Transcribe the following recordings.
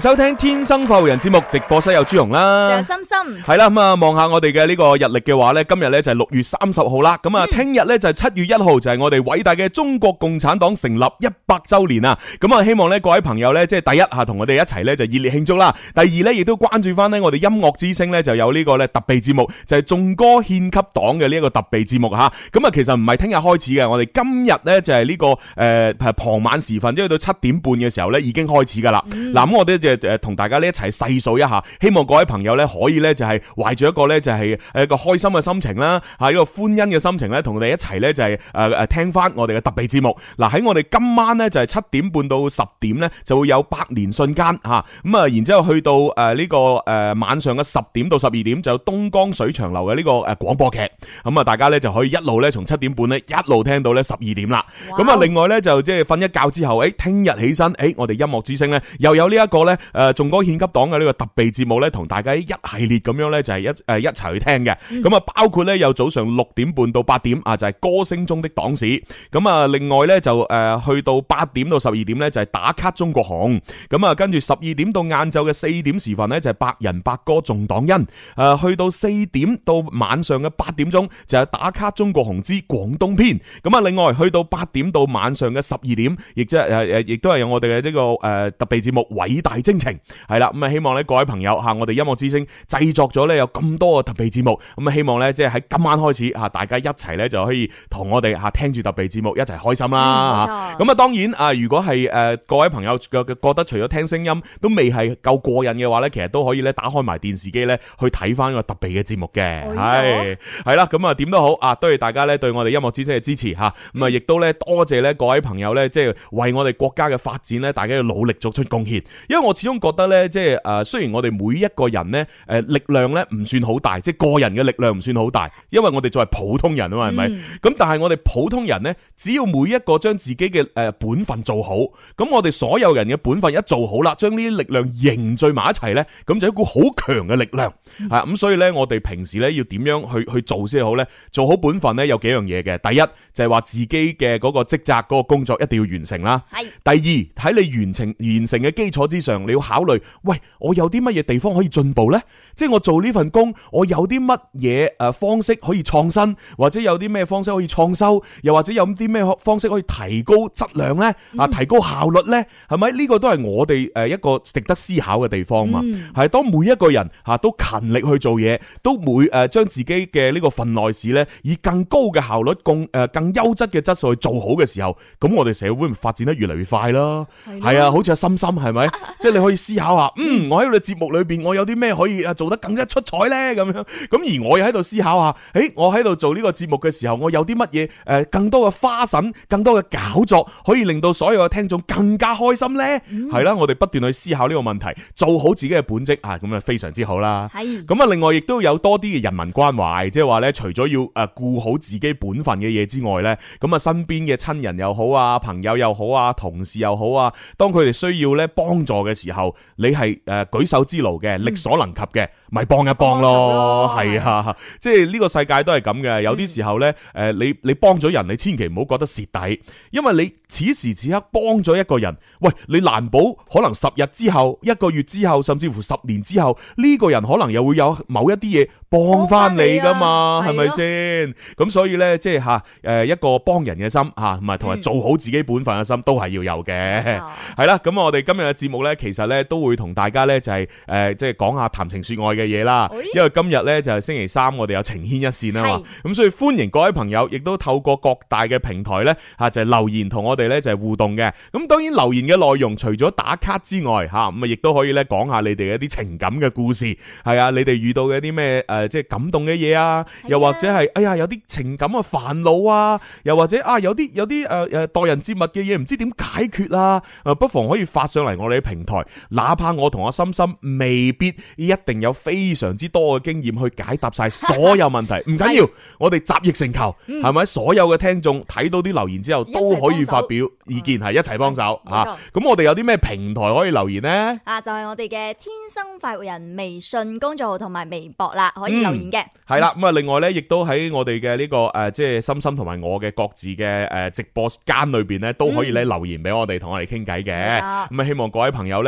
收聽《天生育人》節目，直播室有朱紅啦，啦，楊心心係啦。咁啊，望下我哋嘅呢個日曆嘅話呢今日呢、嗯、就係六月三十號啦。咁啊，聽日呢就係七月一號，就係我哋偉大嘅中國共產黨成立一百周年啊！咁啊，希望呢各位朋友呢，即係第一吓同我哋一齊呢就熱烈慶祝啦。第二呢，亦都關注翻呢我哋音樂之聲呢就有呢個咧特備節目，就係、是、頌歌獻給黨嘅呢個特備節目吓。咁啊，其實唔係聽日開始嘅，我哋今日呢就係呢、這個誒係、呃、傍晚時分，即係到七點半嘅時候呢已經開始噶啦。嗱，咁我哋誒同大家呢一齊細數一下，希望各位朋友咧可以咧就係懷住一個咧就係誒一個開心嘅心情啦，吓一個歡欣嘅心情咧，同我哋一齊咧就係誒誒聽翻我哋嘅特備節目。嗱，喺我哋今晚咧就係七點半到十點咧就會有百年瞬間吓，咁啊然之後去到誒呢個誒晚上嘅十點到十二點就有東江水長流嘅呢個誒廣播劇，咁啊大家咧就可以一路咧從七點半咧一路聽到咧十二點啦。咁、wow、啊另外咧就即係瞓一覺之後，誒聽日起身，誒我哋音樂之聲咧又有呢、這、一個咧。誒、呃，眾歌獻給黨嘅呢個特備節目咧，同大家一系列咁樣咧，就係、是、一誒一齊去聽嘅。咁、嗯、啊，包括咧有早上六點半到八點啊，就係、是、歌聲中的黨史。咁啊，另外咧就誒、呃、去到八點到十二點咧，就係、是、打卡中國紅。咁啊，跟住十二點到晏晝嘅四點時分呢，就係、是、百人百歌頌黨恩。誒、呃，去到四點到晚上嘅八點鐘，就係、是、打卡中國紅之廣東篇。咁啊，另外去到八點到晚上嘅十二點，亦即係誒誒，亦、呃、都係有我哋嘅呢個誒、呃、特備節目偉大。心情係啦，咁啊希望咧各位朋友吓，我哋音樂之聲製作咗咧有咁多嘅特備節目，咁啊希望咧即係喺今晚開始吓，大家一齊咧就可以同我哋吓聽住特備節目一齊開心啦。咁、嗯、啊，當然啊，如果係誒各位朋友覺得除咗聽聲音都未係夠過癮嘅話咧，其實都可以咧打開埋電視機咧去睇翻個特備嘅節目嘅。係係啦，咁啊點都好啊，多謝大家咧對我哋音樂之聲嘅支持吓，咁啊亦都咧多謝咧各位朋友咧即係為我哋國家嘅發展咧大家嘅努力作出貢獻，因為我。始終覺得咧，即係誒，雖然我哋每一個人咧，誒，力量咧唔算好大，即係個人嘅力量唔算好大，因為我哋作為普通人啊嘛，係咪？咁但係我哋普通人咧，只要每一個將自己嘅誒本分做好，咁我哋所有人嘅本分一做好啦，將呢啲力量凝聚埋一齊咧，咁就有一股好強嘅力量，係、嗯、咁所以咧，我哋平時咧要點樣去去做先好咧？做好本分咧有幾樣嘢嘅，第一就係話自己嘅嗰個職責嗰個工作一定要完成啦。係。第二喺你完成完成嘅基礎之上。你要考慮，喂，我有啲乜嘢地方可以進步呢？即係我做呢份工，我有啲乜嘢誒方式可以創新，或者有啲咩方式可以創收，又或者有啲咩方式可以提高質量呢？啊，提高效率呢？係咪？呢個都係我哋誒一個值得思考嘅地方嘛。係當每一個人吓都勤力去做嘢，都每誒將自己嘅呢個份內事呢，以更高嘅效率、更誒更優質嘅質素去做好嘅時候，咁我哋社會咪發展得越嚟越快咯。係啊，好似阿心心係咪？即係。你可以思考下，嗯，我喺度節目裏邊，我有啲咩可以啊做得更加出彩咧？咁樣，咁而我又喺度思考下，誒、欸，我喺度做呢個節目嘅時候，我有啲乜嘢誒更多嘅花神、更多嘅搞作，可以令到所有嘅聽眾更加開心咧？係、嗯、啦，我哋不斷去思考呢個問題，做好自己嘅本職啊，咁啊非常之好啦。係咁啊，另外亦都有多啲嘅人民關懷，即係話咧，除咗要誒顧好自己本分嘅嘢之外咧，咁啊，身邊嘅親人又好啊，朋友又好啊，同事又好啊，當佢哋需要咧幫助嘅時候，時你係誒舉手之勞嘅力所能及嘅，咪、嗯、幫一幫咯，係、哦、啊，嗯、即係呢個世界都係咁嘅。有啲時候咧，誒、嗯呃、你你幫咗人，你千祈唔好覺得蝕底，因為你此時此刻幫咗一個人，喂，你難保可能十日之後、一個月之後，甚至乎十年之後，呢、這個人可能又會有某一啲嘢幫翻你噶嘛，係咪先？咁、啊、所以咧，即係吓誒一個幫人嘅心吓，唔係同埋做好自己本分嘅心、嗯、都係要有嘅。係、嗯、啦，咁、啊嗯啊、我哋今日嘅節目咧，其實咧都會同大家咧就係誒即係講下談情說愛嘅嘢啦，因為今日咧就係星期三，我哋有情牽一線啊嘛，咁所以歡迎各位朋友亦都透過各大嘅平台咧吓就係留言同我哋咧就係互動嘅。咁當然留言嘅內容除咗打卡之外吓，咁啊亦都可以咧講下你哋嘅一啲情感嘅故事，係啊你哋遇到嘅一啲咩誒即係感動嘅嘢啊，又或者係哎呀有啲情感啊煩惱啊，又或者啊有啲有啲誒誒待人接物嘅嘢唔知點解決啊，不妨可以發上嚟我哋嘅平台。哪怕我同阿心心未必一定有非常之多嘅經驗去解答晒所有問題，唔 緊要，我哋集腋成裘，係、嗯、咪？所有嘅聽眾睇到啲留言之後都可以發表意見，係、嗯、一齊幫手吓。咁、啊、我哋有啲咩平台可以留言咧？啊，就係、是、我哋嘅天生快活人微信公眾號同埋微博啦，可以留言嘅。係啦，咁啊，另外咧，亦都喺我哋嘅呢個誒、呃，即係心心同埋我嘅各自嘅誒直播間裏邊咧，都可以咧、嗯、留言俾我哋，同我哋傾偈嘅。咁啊，希望各位朋友咧。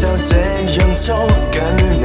就這樣捉緊。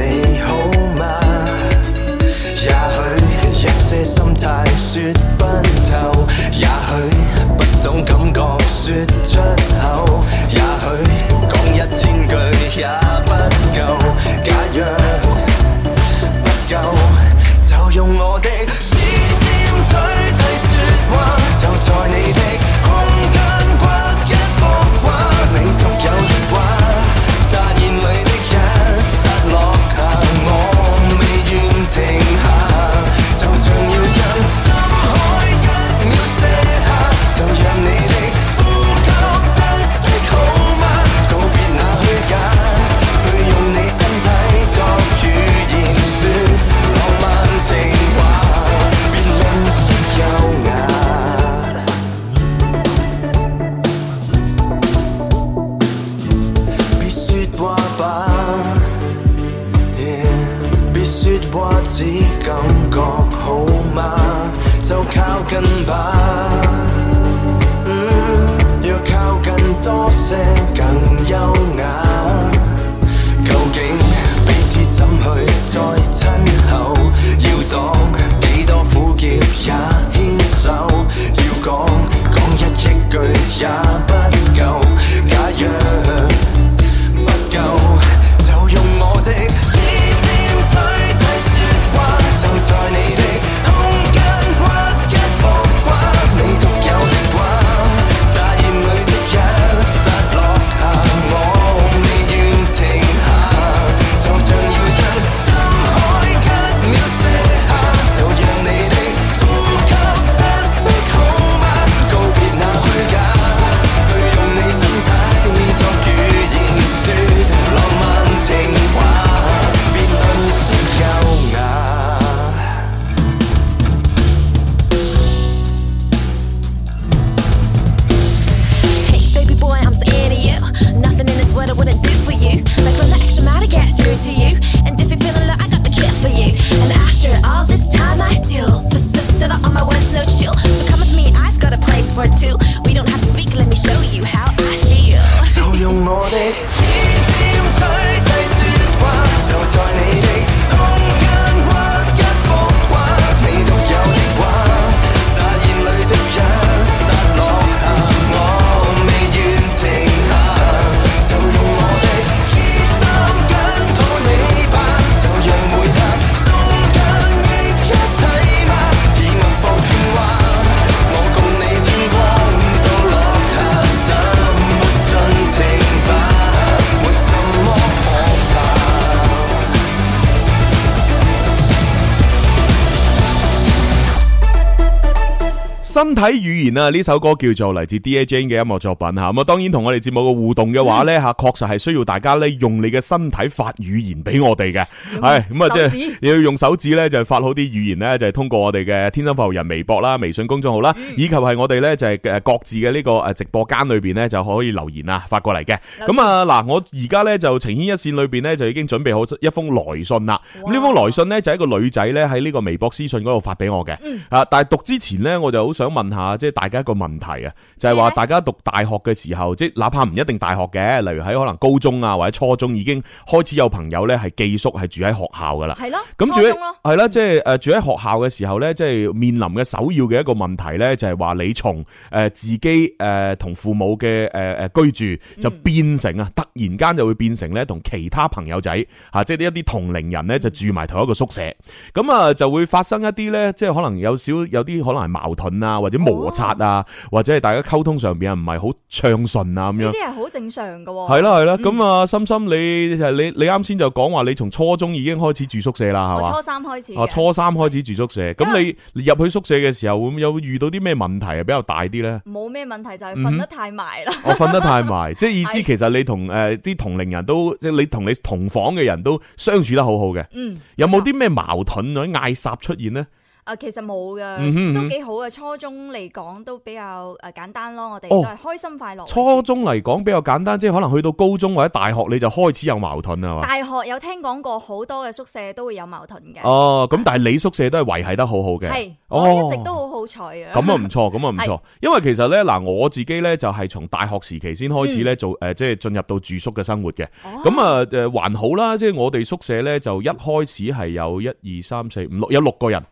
身體語言啊！呢首歌叫做嚟自 D A J 嘅音樂作品吓，咁啊，當然同我哋節目嘅互動嘅話咧吓，確、嗯、實係需要大家咧用你嘅身體發語言俾我哋嘅。係咁啊，即係你要用手指咧就發好啲語言咧，就係、是、通過我哋嘅天生服務人微博啦、微信公眾號啦、嗯，以及係我哋咧就係各自嘅呢個誒直播間裏邊咧就可以留言啊發過嚟嘅。咁啊嗱，我而家咧就情牽一線裏邊咧就已經準備好一封來信啦。咁呢封來信咧就係一個女仔咧喺呢個微博私信嗰度發俾我嘅、嗯。但係讀之前咧我就好想問。問下，即係大家一個問題啊，就係、是、話大家讀大學嘅時候，即係哪怕唔一定大學嘅，例如喺可能高中啊或者初中已經開始有朋友咧係寄宿，係住喺學校噶啦。係咯，咁住喺係啦，即係誒住喺學校嘅時候咧，即係面臨嘅首要嘅一個問題咧，就係話你從誒自己誒同父母嘅誒誒居住，就變成啊、嗯、突然間就會變成咧同其他朋友仔吓，即係呢一啲同齡人咧就住埋同一個宿舍，咁、嗯、啊就會發生一啲咧，即、就、係、是、可能有少有啲可能係矛盾啊，或者。啲摩擦啊，或者係大家溝通上邊啊，唔係好暢順啊，咁樣呢啲係好正常噶、哦。係啦係啦，咁啊，心、嗯、心你你你啱先就講話你從初中已經開始住宿舍啦，係嘛？初三開始。啊，初三開始住宿舍，咁你入去宿舍嘅時候，會唔會有遇到啲咩問題啊？比較大啲咧？冇咩問題，就係瞓得太埋啦、嗯。我瞓得太埋，即 係意思其實你同、呃、同誒啲同齡人都，即係你同你同房嘅人都相處得好好嘅。嗯。有冇啲咩矛盾或者嗌霎出現咧？誒，其實冇嘅，都幾好嘅。初中嚟講都比較誒簡單咯，我哋都係開心快樂、哦。初中嚟講比較簡單，即係可能去到高中或者大學，你就開始有矛盾啦。大學有聽講過好多嘅宿舍都會有矛盾嘅。哦，咁但係你宿舍都係維繫得好好嘅。係，我一直都好好彩嘅。咁啊唔錯，咁啊唔錯。因為其實咧，嗱我自己咧就係從大學時期先開始咧做誒，即係進入到住宿嘅生活嘅。咁啊誒還好啦，即係我哋宿舍咧就一開始係有一二三四五六有六個人。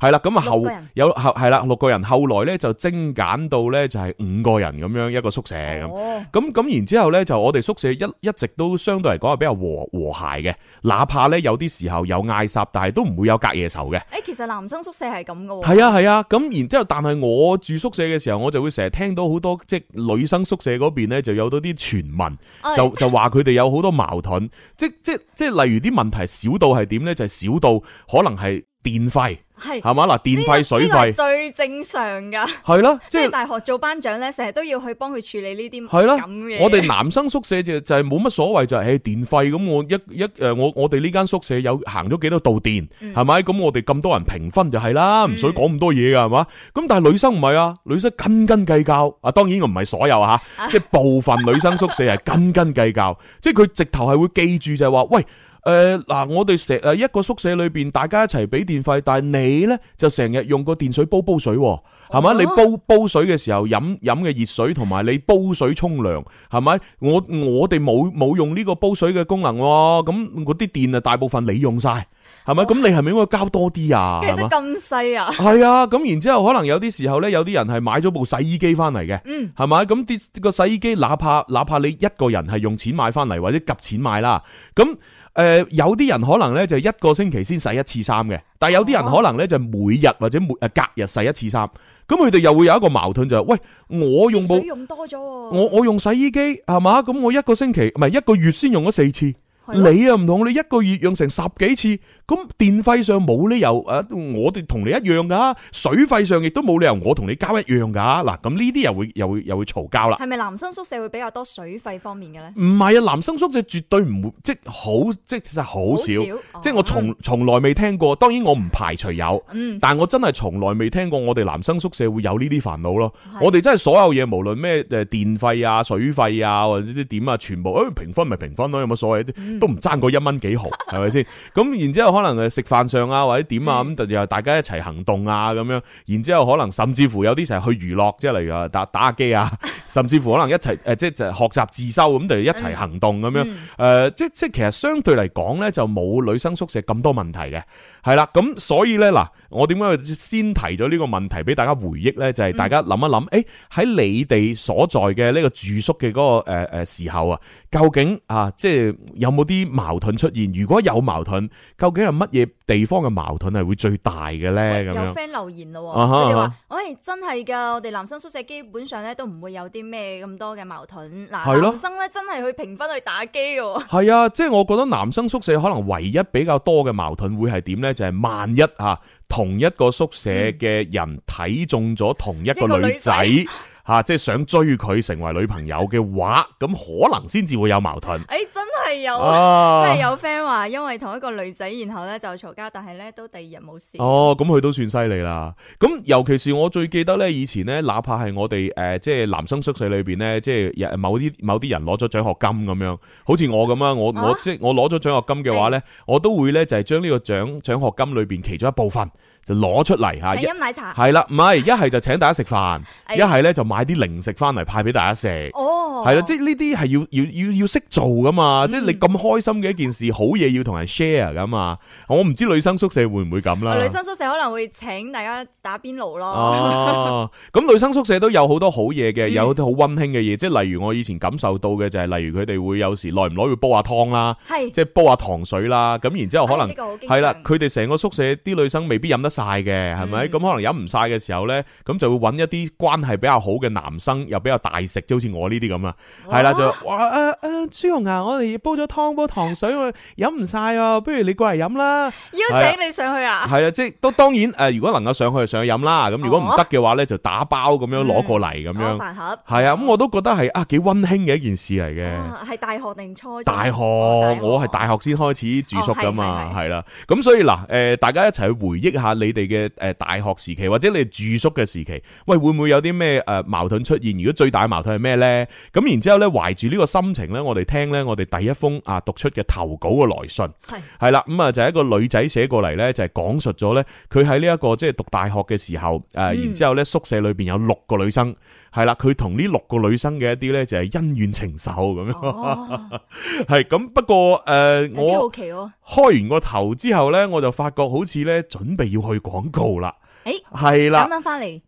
係啦，咁啊後有後係啦，六個人，後，六個人後來咧就精簡到咧就係五個人咁樣一個宿舍咁。咁、oh. 咁然之後咧就我哋宿舍一一直都相對嚟講係比較和和諧嘅，哪怕咧有啲時候有嗌霎，但係都唔會有隔夜仇嘅。誒，其實男生宿舍係咁噶喎。係啊係啊，咁、啊、然之後，但係我住宿舍嘅時候，我就會成日聽到好多即係女生宿舍嗰邊咧就有到啲傳聞，就就話佢哋有好多矛盾， 即即即係例如啲問題少到係點咧？就係、是、少到可能係。電費係係嘛嗱，電費水費最正常噶係啦，即係大學做班長咧，成日都要去幫佢處理呢啲係啦咁嘢。我哋男生宿舍就就係冇乜所謂，就係電費咁，我一一誒我我哋呢間宿舍有行咗幾多度電係咪咁，我哋咁多人平分就係啦，唔使講咁多嘢噶係嘛？咁但係女生唔係啊，女生斤斤計較啊。當然我唔係所有吓，即係部分女生宿舍係斤斤計較，即係佢直頭係會記住就係話喂。誒，嗱，我哋成誒一個宿舍裏邊，大家一齊俾電費，但係你呢，就成日用個電水煲煲水，係咪、哦？你煲煲水嘅時候飲飲嘅熱水，同埋你煲水沖涼，係咪？我我哋冇冇用呢個煲水嘅功能，咁嗰啲電啊，大部分你用晒，係咪？咁、哦、你係咪應該交多啲啊？計得咁細啊！係啊，咁然之後可能有啲時候呢，有啲人係買咗部洗衣機翻嚟嘅，嗯，係咪？咁啲個洗衣機，哪怕哪怕你一個人係用錢買翻嚟，或者夾錢買啦，咁。誒，有啲人可能呢就一個星期先洗一次衫嘅，但係有啲人可能呢就每日或者每隔日洗一次衫，咁佢哋又會有一個矛盾就係、是，喂，我用冇用多咗、啊？我我用洗衣機係嘛，咁我一個星期唔係一個月先用咗四次，你呀，唔同，你一個月用成十幾次。咁電費上冇理由，誒，我哋同你一樣噶；水費上亦都冇理由，我同你交一樣噶。嗱，咁呢啲又會又會又會嘈交啦。係咪男生宿舍會比較多水費方面嘅咧？唔係啊，男生宿舍絕對唔會，即係好，即係其實好少，即係、就是、我從從來未聽過。當然我唔排除有，嗯、但我真係從來未聽過我哋男生宿舍會有呢啲煩惱咯。我哋真係所有嘢無論咩誒電費啊、水費啊或者啲點啊，全部誒平分咪平分咯、啊，有乜所謂、嗯？都唔爭過一蚊幾毫，係咪先？咁 然之後。可能誒食飯上啊或者點啊咁，就又大家一齊行動啊咁樣，然之後可能甚至乎有啲成日去娛樂，即係例如打打下機啊，甚至乎可能一齊誒，即係就學習自修咁，就一齊行動咁樣誒，即即係其實相對嚟講咧，就冇女生宿舍咁多問題嘅。係啦，咁所以咧，嗱，我點解先提咗呢個問題俾大家回憶咧？就係、是、大家諗一諗，誒、嗯欸，喺你哋所在嘅呢個住宿嘅嗰個誒誒時候啊，究竟啊，即係有冇啲矛盾出現？如果有矛盾，究竟係乜嘢地方嘅矛盾係會最大嘅咧？咁有 friend 留言咯，佢哋話：喂、欸、真係噶，我哋男生宿舍基本上咧都唔會有啲咩咁多嘅矛盾。嗱，男生咧真係去評分去打機喎，啊，係啊，即係我覺得男生宿舍可能唯一比較多嘅矛盾會係點咧？就係、是、萬一啊，同一個宿舍嘅人睇中咗同一個女仔、嗯。吓、啊，即係想追佢成為女朋友嘅話，咁可能先至會有矛盾。誒、欸，真係有、啊啊，真係有 friend 話，因為同一個女仔，然後咧就嘈交，但係咧都第二日冇事。哦，咁佢都算犀利啦。咁尤其是我最記得咧，以前咧，哪怕係我哋誒、呃，即係男生宿舍裏邊咧，即係某啲某啲人攞咗獎學金咁樣，好似我咁樣我、啊、我即係我攞咗獎學金嘅話咧、欸，我都會咧就係將呢個獎獎學金裏邊其中一部分。就攞出嚟吓，飲奶茶係啦，唔係一係就請大家食飯，一係咧就買啲零食翻嚟派俾大家食。哦，係啦，即係呢啲係要要要要識做噶嘛，嗯，即係你咁開心嘅一件事，好嘢要同人 share 噶嘛。我唔知女生宿舍會唔會咁啦。女生宿舍可能會請大家打邊爐咯。啊，哦，咁女生宿舍都有好多好嘢嘅，嗯、有啲好溫馨嘅嘢，即係例如我以前感受到嘅就係，例如佢哋會有時耐唔耐會煲下湯啦，即係煲下糖水啦。咁然之後可能係啦，佢哋成個宿舍啲女生未必飲得晒嘅，係咪咁，可能飲唔晒嘅時候咧，咁就會揾一啲關係比較好嘅男生，又比較大食，即好似我呢啲咁啊，係啦就話，啊啊，朱紅啊，我哋煲咗湯煲糖水我飲唔晒啊，不如你過嚟飲啦，邀請你上去啊，係啊，即係都當然誒，如果能夠上去就上去飲啦，咁、哦、如果唔得嘅話咧就打包咁樣攞過嚟咁、嗯、樣飯盒，係啊，咁我都覺得係啊幾溫馨嘅一件事嚟嘅，係、啊、大學定初大學、哦？大學，我係大學先開始住宿噶嘛，係、哦、啦，咁所以嗱誒、呃，大家一齊去回憶下。你哋嘅誒大學時期，或者你哋住宿嘅時期，喂，會唔會有啲咩誒矛盾出現？如果最大嘅矛盾係咩呢？咁然之後咧，懷住呢個心情咧，我哋聽咧，我哋第一封啊讀出嘅投稿嘅來信，係係啦，咁啊就係、一個女仔寫過嚟咧，就係、是、講述咗咧、這個，佢喺呢一個即係讀大學嘅時候，嗯、然之後咧宿舍裏面有六個女生。係啦，佢同呢六個女生嘅一啲咧就係恩怨情仇咁樣，係 咁。不過誒、呃哦，我好奇開完個頭之後咧，我就發覺好似咧準備要去廣告啦。誒，係啦，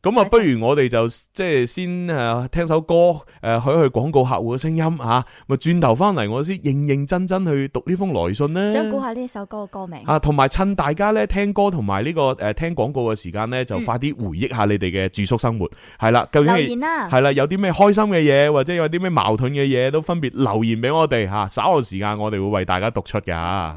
咁啊，不如我哋就即係先誒聽首歌，誒去去廣告客戶嘅聲音吓，咪轉頭翻嚟我先認認真真去讀呢封來信呢，想估下呢首歌嘅歌名啊，同埋趁大家咧聽歌同埋呢個誒聽廣告嘅時間咧，就快啲回憶一下你哋嘅住宿生活係啦、嗯，留言啦、啊，係啦，有啲咩開心嘅嘢或者有啲咩矛盾嘅嘢都分別留言俾我哋吓，稍後時間我哋會為大家讀出噶。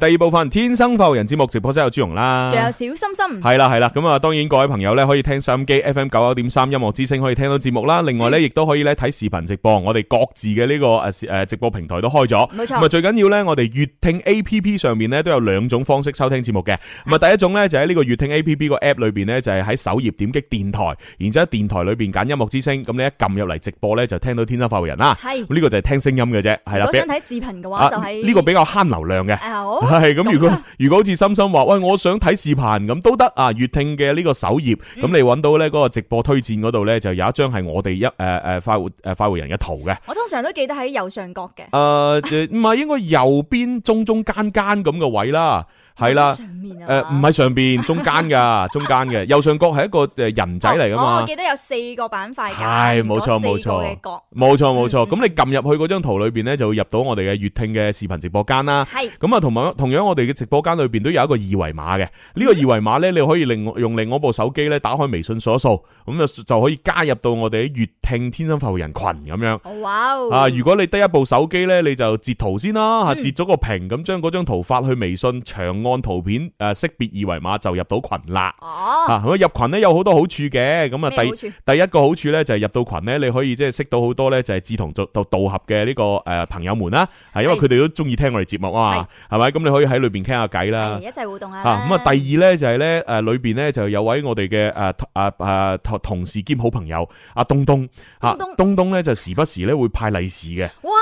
第二部分《天生發人》節目直播室有朱容啦，仲有小心心。係啦，係啦，咁啊當然各位朋友咧可以聽收音機 FM 九九點三音樂之聲可以聽到節目啦。另外咧亦都可以咧睇視頻直播，我哋各自嘅呢個誒誒直播平台都開咗，冇錯。咁啊最緊要咧，我哋粵聽 A P P 上面咧都有兩種方式收聽節目嘅。咁啊第一種咧就喺呢個粵聽 A P P 個 App 裏邊咧就係喺首頁點擊電台，然之後喺電台裏邊揀音樂之聲，咁你一撳入嚟直播咧就聽到《天生發人》啦。係，呢個就係聽聲音嘅啫，係啦。如果想睇視頻嘅話，就係呢個比較慳流量嘅。係啊，好。係咁，如果如果好似心心話，喂，我想睇視頻咁都得啊！月聽嘅呢個首頁咁，嗯、你揾到咧個直播推薦嗰度咧，就有一張係我哋一誒誒快活誒快活人一圖嘅。我通常都記得喺右上角嘅。誒、呃，唔係，應該右邊中中間間咁嘅位啦。係啦，誒、啊，唔、呃、係上邊，中間噶， 中間嘅右上角係一個誒人仔嚟噶嘛、哦。我記得有四個板塊。係，冇錯冇錯，四個角。冇錯冇錯，咁、嗯嗯、你撳入去嗰張圖裏邊咧，就會入到我哋嘅粵聽嘅視頻直播間啦。係、嗯，咁啊，同埋同樣我哋嘅直播間裏邊都有一個二維碼嘅。呢、這個二維碼咧，你可以另用另外一部手機咧打開微信掃一掃，咁啊就可以加入到我哋嘅粵聽天生服務人群咁樣。哦、哇、哦！啊，如果你得一部手機咧，你就截圖先啦，吓、嗯、截咗個屏，咁將嗰張圖發去微信長按。按圖片誒識別二維碼就入到群啦。哦，咁入群咧有好多好處嘅。咁啊，第第一個好處咧就係入到群咧，你可以即係識到好多咧就係志同道道合嘅呢個誒朋友們啦。係因為佢哋都中意聽我哋節目啊嘛，係咪？咁你可以喺裏邊傾下偈啦。一齊互動下。咁啊，第二咧就係咧誒裏邊咧就有位我哋嘅誒誒誒同事兼好朋友阿東東。東東東東咧就時不時咧會派利是嘅。哇！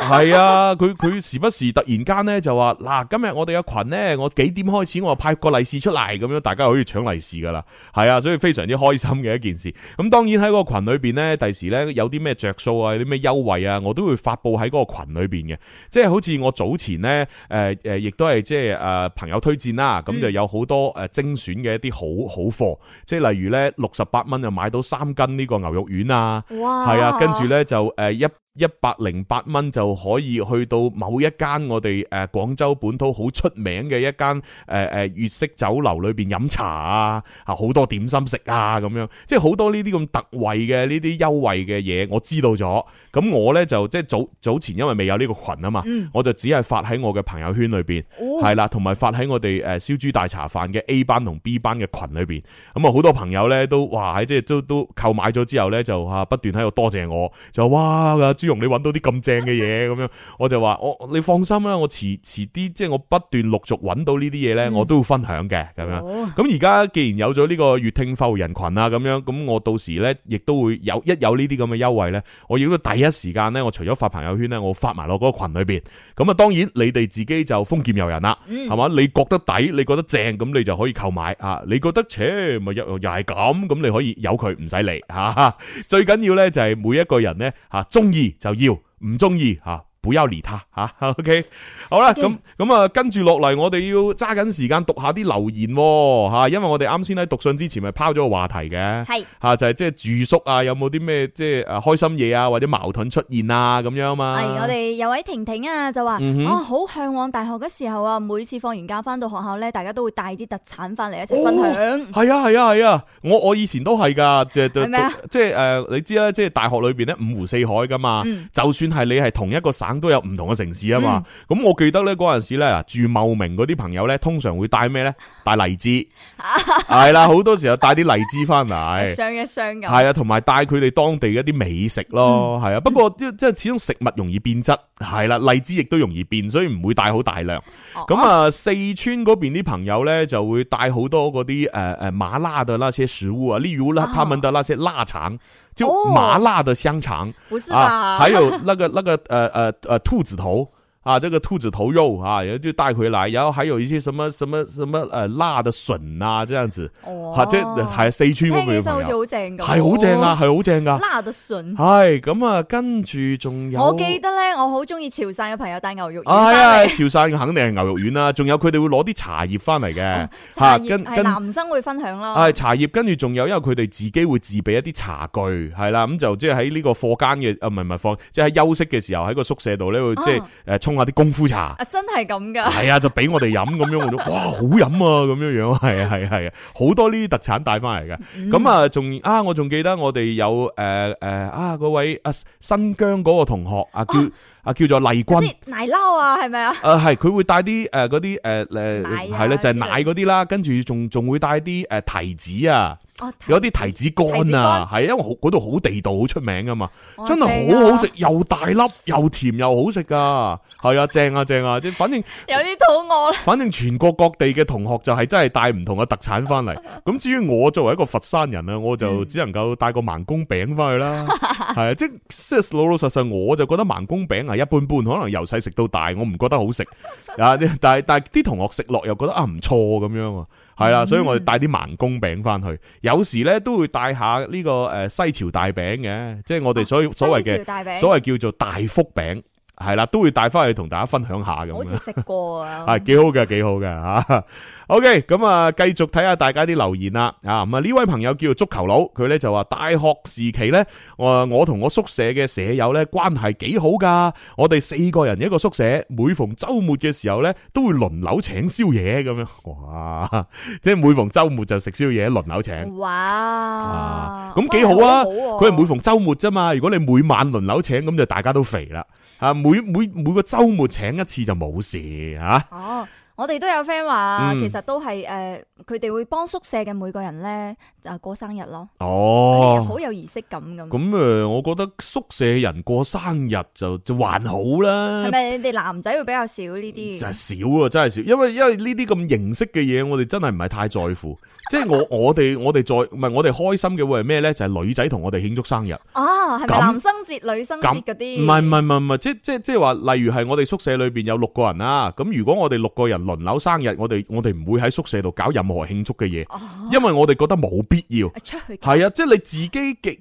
係啊，佢佢時不時突然間咧就話嗱，今日我哋嘅群咧我。幾點開始？我派個利是出嚟咁樣，大家可以搶利是噶啦，係啊，所以非常之開心嘅一件事。咁當然喺個群裏邊呢，第時呢，有啲咩着數啊，有啲咩優惠啊，我都會發布喺嗰個群裏邊嘅。即係好似我早前呢，誒、呃、誒，亦都係即係誒朋友推薦啦。咁、嗯、就有好多誒精選嘅一啲好好貨。即係例如呢，六十八蚊就買到三斤呢個牛肉丸啊，哇，係啊，跟住呢，就誒一一百零八蚊就可以去到某一間我哋誒廣州本土好出名嘅一一間誒誒粵式酒樓裏邊飲茶啊，啊好多點心食啊咁樣，即係好多呢啲咁特惠嘅呢啲優惠嘅嘢，我知道咗。咁我咧就即係早早前因為未有呢個群啊嘛、嗯，我就只係發喺我嘅朋友圈裏邊，係、哦、啦，同埋發喺我哋誒燒豬大茶飯嘅 A 班同 B 班嘅群裏邊。咁、嗯、啊，好多朋友咧都哇，即係都都購買咗之後咧就吓不斷喺度多謝我，就哇噶朱融你搵到啲咁正嘅嘢咁樣， 我就話我、哦、你放心啦，我遲遲啲即係我不斷陸續搵。到呢啲嘢呢，我都要分享嘅咁樣。咁而家既然有咗呢個悅聽會員群啦，咁樣咁我到時呢，亦都會有一有呢啲咁嘅優惠呢。我要第一時間呢，我除咗發朋友圈呢，我發埋落嗰個群裏邊。咁啊，當然你哋自己就豐儉由人啦，係、嗯、嘛？你覺得抵，你覺得正，咁你就可以購買啊。你覺得，扯咪又又係咁，咁你可以有佢唔使嚟啊。最緊要呢，就係每一個人呢，吓，中意就要，唔中意吓。不要理他吓、啊、okay？OK，好啦，咁咁啊，跟住落嚟，我哋要揸緊時間讀一下啲留言吓、啊，因為我哋啱先喺讀信之前咪拋咗個話題嘅，係吓、啊、就係即係住宿啊，有冇啲咩即係誒開心嘢啊，或者矛盾出現啊咁樣嘛？係、哎、我哋有位婷婷啊，就話我、嗯哦、好向往大學嘅時候啊，每次放完假翻到學校咧，大家都會帶啲特產翻嚟一齊分享。係、哦、啊係啊係啊，啊，我我以前都係噶，即係即係即係誒，你知啦，即、就、係、是、大學裏邊咧五湖四海噶嘛，嗯，就算係你係同一個省。都有唔同嘅城市啊嘛，咁、嗯、我記得咧嗰陣時咧，住茂名嗰啲朋友咧，通常會帶咩咧？帶荔枝，係、啊、啦，好多時候帶啲荔枝翻嚟，一箱一箱咁。係啊，同埋帶佢哋當地一啲美食咯，係啊。不過即係始終食物容易變質，係啦，荔枝亦都容易變，所以唔會帶好大量。咁啊，四川嗰邊啲朋友咧就會帶好多嗰啲誒誒馬拉嘅啦，些鼠啊，例如啦，他們得拉些臘腸。就麻辣的香腸，oh，啊，不是還有那個 那個、那個、呃呃呃兔子頭。啊，這個兔子頭肉啊，然後就帶回還有一些什麼什麼什麼，誒，辣、呃、的筍啊，這樣子，哦、啊，即係四川我哋，好似好正咁，係、哦、好正啊，係好正噶，辣的筍，係、哎、咁啊，跟住仲有，我記得咧，我好中意潮汕嘅朋友帶牛肉丸翻啊，哎、潮汕嘅肯定係牛肉丸啦、啊，仲有佢哋會攞啲茶葉翻嚟嘅，吓、嗯啊，跟住男生會分享啦。係、啊、茶葉，跟住仲有，因為佢哋自己會自備一啲茶具，係啦，咁、嗯、就即係喺呢個課間嘅，啊，唔係唔係放，即係喺休息嘅時候喺個宿舍度咧會即係誒沖。呃啲功夫茶啊，真係咁噶，係啊，就俾我哋飲咁樣咁，哇，好飲啊，咁樣樣，係啊，係啊，係啊，好多呢啲特產帶翻嚟㗎。咁、嗯、啊，仲啊，我仲記得我哋有誒誒、呃呃、啊，嗰位啊新疆嗰個同學啊叫。啊啊，叫做麗君係奶撈啊，係咪啊？啊，係佢會帶啲誒嗰啲誒誒，係、呃、咧、呃啊、就係、係、奶嗰啲啦，跟住仲仲會帶啲誒提子啊，哦、有啲提子乾啊，係、啊、因為好嗰度好地道，好出名㗎嘛，真係好好食，啊，又大粒，又甜又好食㗎，啊，係啊，正啊正啊，即反正 有啲肚餓啦。反正全國各地嘅同學就係真係帶唔同嘅特產翻嚟，咁 至於我作為一個佛山人啊，我就只能夠帶個盲公餅翻去啦，係 啊，即係老老實實我就覺得盲公餅係一般般，可能由細食到大，我唔覺得好食啊！但係但係啲同學食落又覺得啊唔錯咁樣啊，係啦，所以我哋帶啲盲公餅翻去，有時呢都會帶下呢個誒西樵大餅嘅，即係我哋所以所謂嘅所謂叫做大福餅，係啦，都會帶翻去同大家分享下咁樣。好似食過啊，係幾好嘅，幾好嘅吓。O.K. 咁啊，繼續睇下大家啲留言啦。啊，咁啊呢位朋友叫做足球佬，佢咧就話大學時期咧，我我同我宿舍嘅舍友咧關係幾好噶。我哋四個人一個宿舍，每逢周末嘅時候咧，都會輪流請宵夜咁樣。哇，即係每逢周末就食宵夜，輪流請。哇，咁、啊、幾好啊！佢係、啊、每逢周末啫嘛。如果你每晚輪流請，咁就大家都肥啦。啊，每每每個周末請一次就冇事吓。啊啊我哋都有 friend 話，其實都係誒，佢、嗯、哋、呃、會幫宿舍嘅每個人咧就過生日咯。哦，好、欸、有儀式感咁。咁、嗯、誒，我覺得宿舍人過生日就就還好啦。係咪你哋男仔會比較少呢啲、嗯？就係、是、少啊，真係少。因為因為呢啲咁形式嘅嘢，我哋真係唔係太在乎。 即係我 我哋我哋在唔係我哋開心嘅會係咩咧？就係、是、女仔同我哋慶祝生日。哦、啊，係咪男生節、女生節嗰啲？唔係唔係唔係，即係即係即係話，例如係我哋宿舍裏邊有六個人啊。咁如果我哋六個人。.輪流生日，我哋我哋唔會喺宿舍度搞任何慶祝嘅嘢，因為我哋覺得冇必要。係啊，即係你自己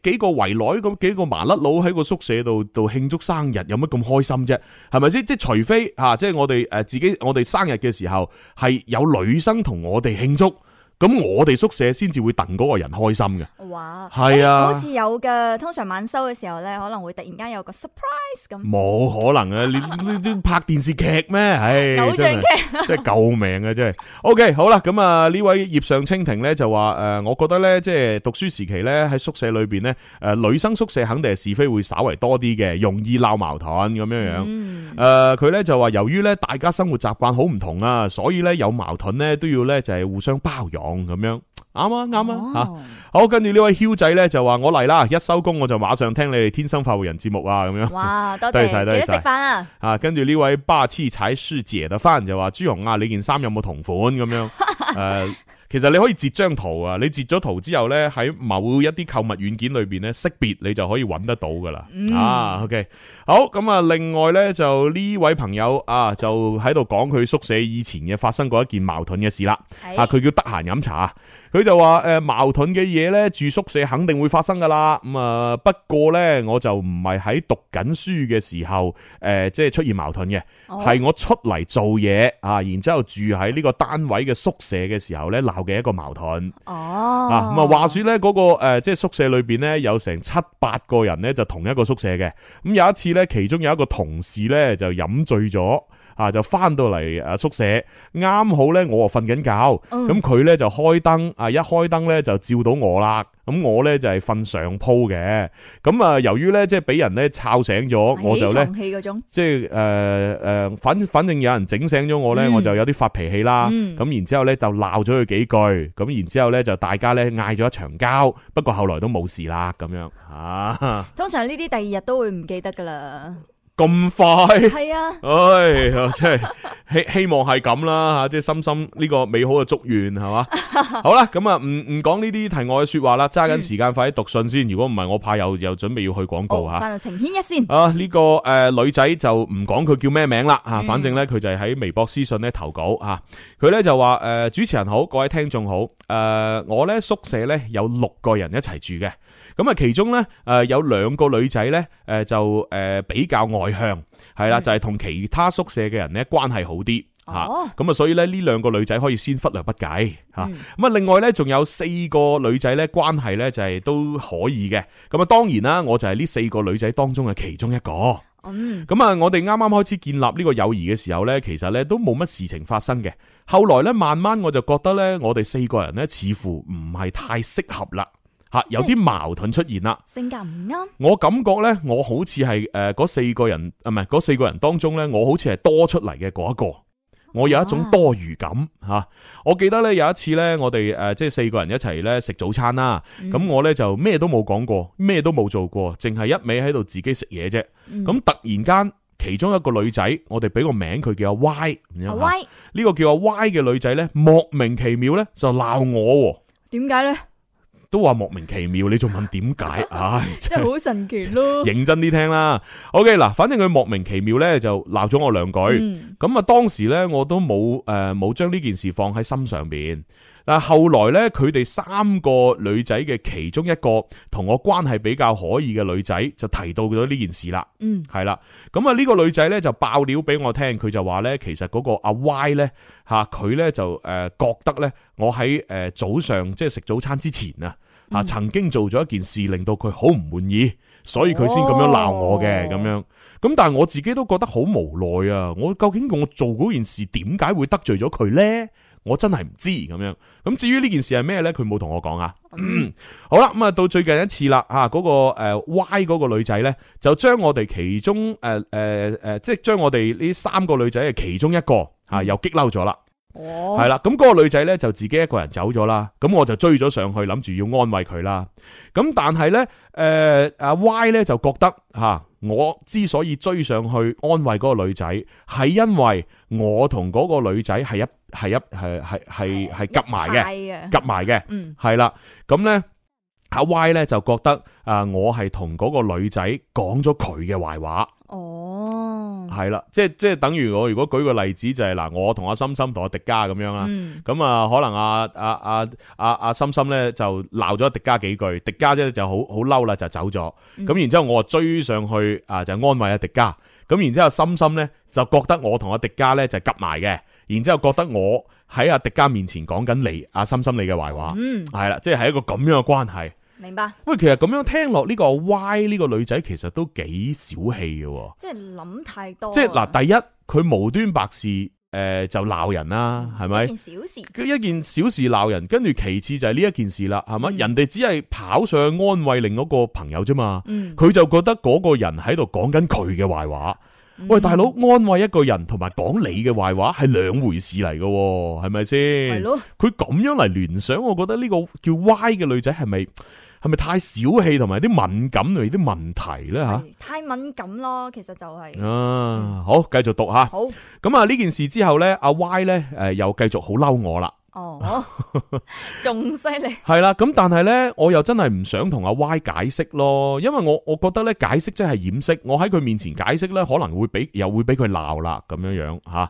幾個圍內幾個圍內咁幾個麻甩佬喺個宿舍度度慶祝生日，有乜咁開心啫？係咪先？即係除非吓，即係我哋誒自己，我哋生日嘅時候係有女生同我哋慶祝。咁我哋宿舍先至會戥嗰個人開心嘅，哇，係啊，好似有嘅。通常晚修嘅時候咧，可能會突然間有個 surprise 咁。冇可能啊！你你拍電視劇咩？偶像劇，真係救命啊！真係。OK，好啦，咁啊呢位葉上蜻蜓咧就話誒，我覺得咧即係讀書時期咧喺宿舍裏邊咧誒，女生宿舍肯定係是非會稍微多啲嘅，容易鬧矛盾咁樣樣。誒，佢咧就話由於咧大家生活習慣好唔同啊，所以咧有矛盾咧都要咧就係互相包容。咁樣啱啊啱啊吓、啊、好，跟住呢位囂仔咧就話，我嚟啦，一收工我就馬上聽你哋天生發匯人節目啊，咁樣哇，多謝晒多謝晒 多謝，食飯啊啊，跟住呢位霸氣踩書姐得翻就話 朱紅啊，你件衫有冇同款咁樣誒。啊 其實你可以截張圖啊，你截咗圖之後呢，喺某一啲購物軟件裏邊呢識別你就可以揾得到噶啦。嗯、啊，OK，好，咁啊，另外呢，就呢位朋友啊，就喺度講佢宿舍以前嘅發生過一件矛盾嘅事啦。啊，佢叫得閒飲茶。佢就話誒，矛盾嘅嘢咧，住宿舍肯定會發生噶啦。咁、嗯、啊，不過咧我就唔係喺讀緊書嘅時候，誒、呃，即係出現矛盾嘅，係、哦、我出嚟做嘢啊，然之後住喺呢個單位嘅宿舍嘅時候咧鬧嘅一個矛盾。哦，啊，咁啊，話說咧嗰、那個誒、呃，即係宿舍裏邊咧有成七八個人咧，就同一個宿舍嘅。咁、嗯、有一次咧，其中有一個同事咧就飲醉咗。啊！就翻到嚟誒宿舍，啱好咧，我啊瞓緊覺，咁佢咧就開燈啊！一開燈咧就照到我啦。咁我咧就係瞓上鋪嘅。咁啊，由於咧即係俾人咧吵醒咗，我就咧即係誒誒，反反正有人整醒咗我咧、嗯，我就有啲發脾氣啦。咁、嗯、然之後咧就鬧咗佢幾句，咁然之後咧就大家咧嗌咗一場交。不過後來都冇事啦，咁樣、啊。通常呢啲第二日都會唔記得噶啦。咁快係啊、哎！唉，即係希希望係咁啦吓，即係深深呢個美好嘅祝願係嘛。 好啦，咁啊唔唔講呢啲題外嘅說話啦，揸緊時間快啲讀信先。如果唔係，我怕又又準備要去廣告吓。翻嚟晴、哦、天一先啊！呢、這個誒、呃、女仔就唔講佢叫咩名啦吓，反正咧佢就係喺微博私信咧投稿吓，佢、啊、咧就話誒、呃、主持人好，各位聽眾好，誒、呃、我咧宿舍咧有六個人一齊住嘅。咁啊，其中咧誒有兩個女仔咧，誒就誒比較外向，係啦，就係同其他宿舍嘅人咧關係好啲吓。咁啊，所以咧呢兩個女仔可以先忽略不計吓。咁啊，另外咧仲有四個女仔咧關係咧就係都可以嘅。咁啊，當然啦，我就係呢四個女仔當中嘅其中一個。咁啊，我哋啱啱開始建立呢個友誼嘅時候咧，其實咧都冇乜事情發生嘅。後來咧慢慢我就覺得咧，我哋四個人咧似乎唔係太適合啦。吓，有啲矛盾出現啦，性格唔啱。我感覺咧，我好似係誒嗰四個人，唔係嗰四個人當中咧，我好似係多出嚟嘅嗰一個，我有一種多餘感吓。我記得咧有一次咧，我哋誒即係四個人一齊咧食早餐啦，咁我咧就咩都冇講過，咩都冇做過，淨係一味喺度自己食嘢啫。咁突然間，其中一個女仔，我哋俾個名佢叫阿 Y，阿 Y 呢個叫阿 Y 嘅女仔咧，莫名其妙咧就鬧我，點解咧？都話莫名其妙，你仲問點解？唉、哎，真係好 神奇咯！ 認真啲聽啦。O.K. 嗱，反正佢莫名其妙咧就鬧咗我兩句。咁啊，當時咧我都冇誒冇將呢件事放喺心上邊。但後來咧佢哋三個女仔嘅其中一個同我關係比較可以嘅女仔就提到咗呢件事啦。嗯，係啦。咁啊呢個女仔咧就爆料俾我聽，佢就話咧其實嗰個阿 Y 咧吓佢咧就誒覺得咧我喺誒早上即係食早餐之前啊。啊，曾經做咗一件事令到佢好唔滿意，所以佢先咁樣鬧我嘅咁樣。咁、哦、但係我自己都覺得好無奈啊！我究竟我做嗰件事點解會得罪咗佢呢？我真係唔知咁樣。咁至於呢件事係咩呢？佢冇同我講啊、嗯。好啦，咁啊到最近一次啦，嗰、嗰個誒 Y 嗰個女仔呢，就將我哋其中誒誒誒，即係將我哋呢三個女仔嘅其中一個啊，又激嬲咗啦。係、哦、啦，咁嗰、那個女仔呢就自己一個人走咗啦，咁我就追咗上去，諗住要安慰佢啦。咁但係呢，誒、呃，阿 Y 呢就覺得吓，我之所以追上去安慰嗰個女仔，係因為我同嗰個女仔係一係一係係係係夾埋嘅，夾埋嘅，嗯，係啦，咁呢阿 Y 呢就覺得啊，我係同嗰個女仔講咗佢嘅壞話。哦。係啦，即係即係等於我如果舉個例子就係嗱，我同阿心心同阿迪加咁樣啦，咁、嗯、啊可能阿阿阿阿阿心心咧就鬧咗迪加幾句，迪加即係就好好嬲啦就走咗，咁然之後我追上去啊就安慰阿迪加，咁然之後心心咧就覺得我同阿迪加咧就夾埋嘅，然之後覺得我喺阿迪加面前講緊你阿心心你嘅壞話，嗯，係啦，即係係一個咁樣嘅關係。明白。喂，其實咁樣聽落呢、這個 Y 呢個女仔其實都幾小氣嘅，即係諗太多。即係嗱，第一佢無端白事誒、呃、就鬧人啦，係咪？一件小事，佢一件小事鬧人，跟住其次就係呢一件事啦，係咪、嗯？人哋只係跑上去安慰另一個朋友啫嘛，佢、嗯、就覺得嗰個人喺度講緊佢嘅壞話、嗯。喂，大佬，安慰一個人同埋講你嘅壞話係兩回事嚟嘅，係咪先？係咯。佢咁樣嚟聯想，我覺得呢個叫 Y 嘅女仔係咪？係咪太小氣同埋啲敏感類啲問題咧吓？太敏感咯，其實就係、是。嗯好，繼續讀吓。好，咁啊呢件事之後咧，阿 Y 咧誒又繼續好嬲我啦。哦，仲犀利係啦，咁 但係呢，我又真係唔想同阿 Y 解釋咯，因為我我覺得呢，解釋即係掩飾，我喺佢面前解釋呢，可能會俾又會俾佢鬧啦，咁樣樣吓，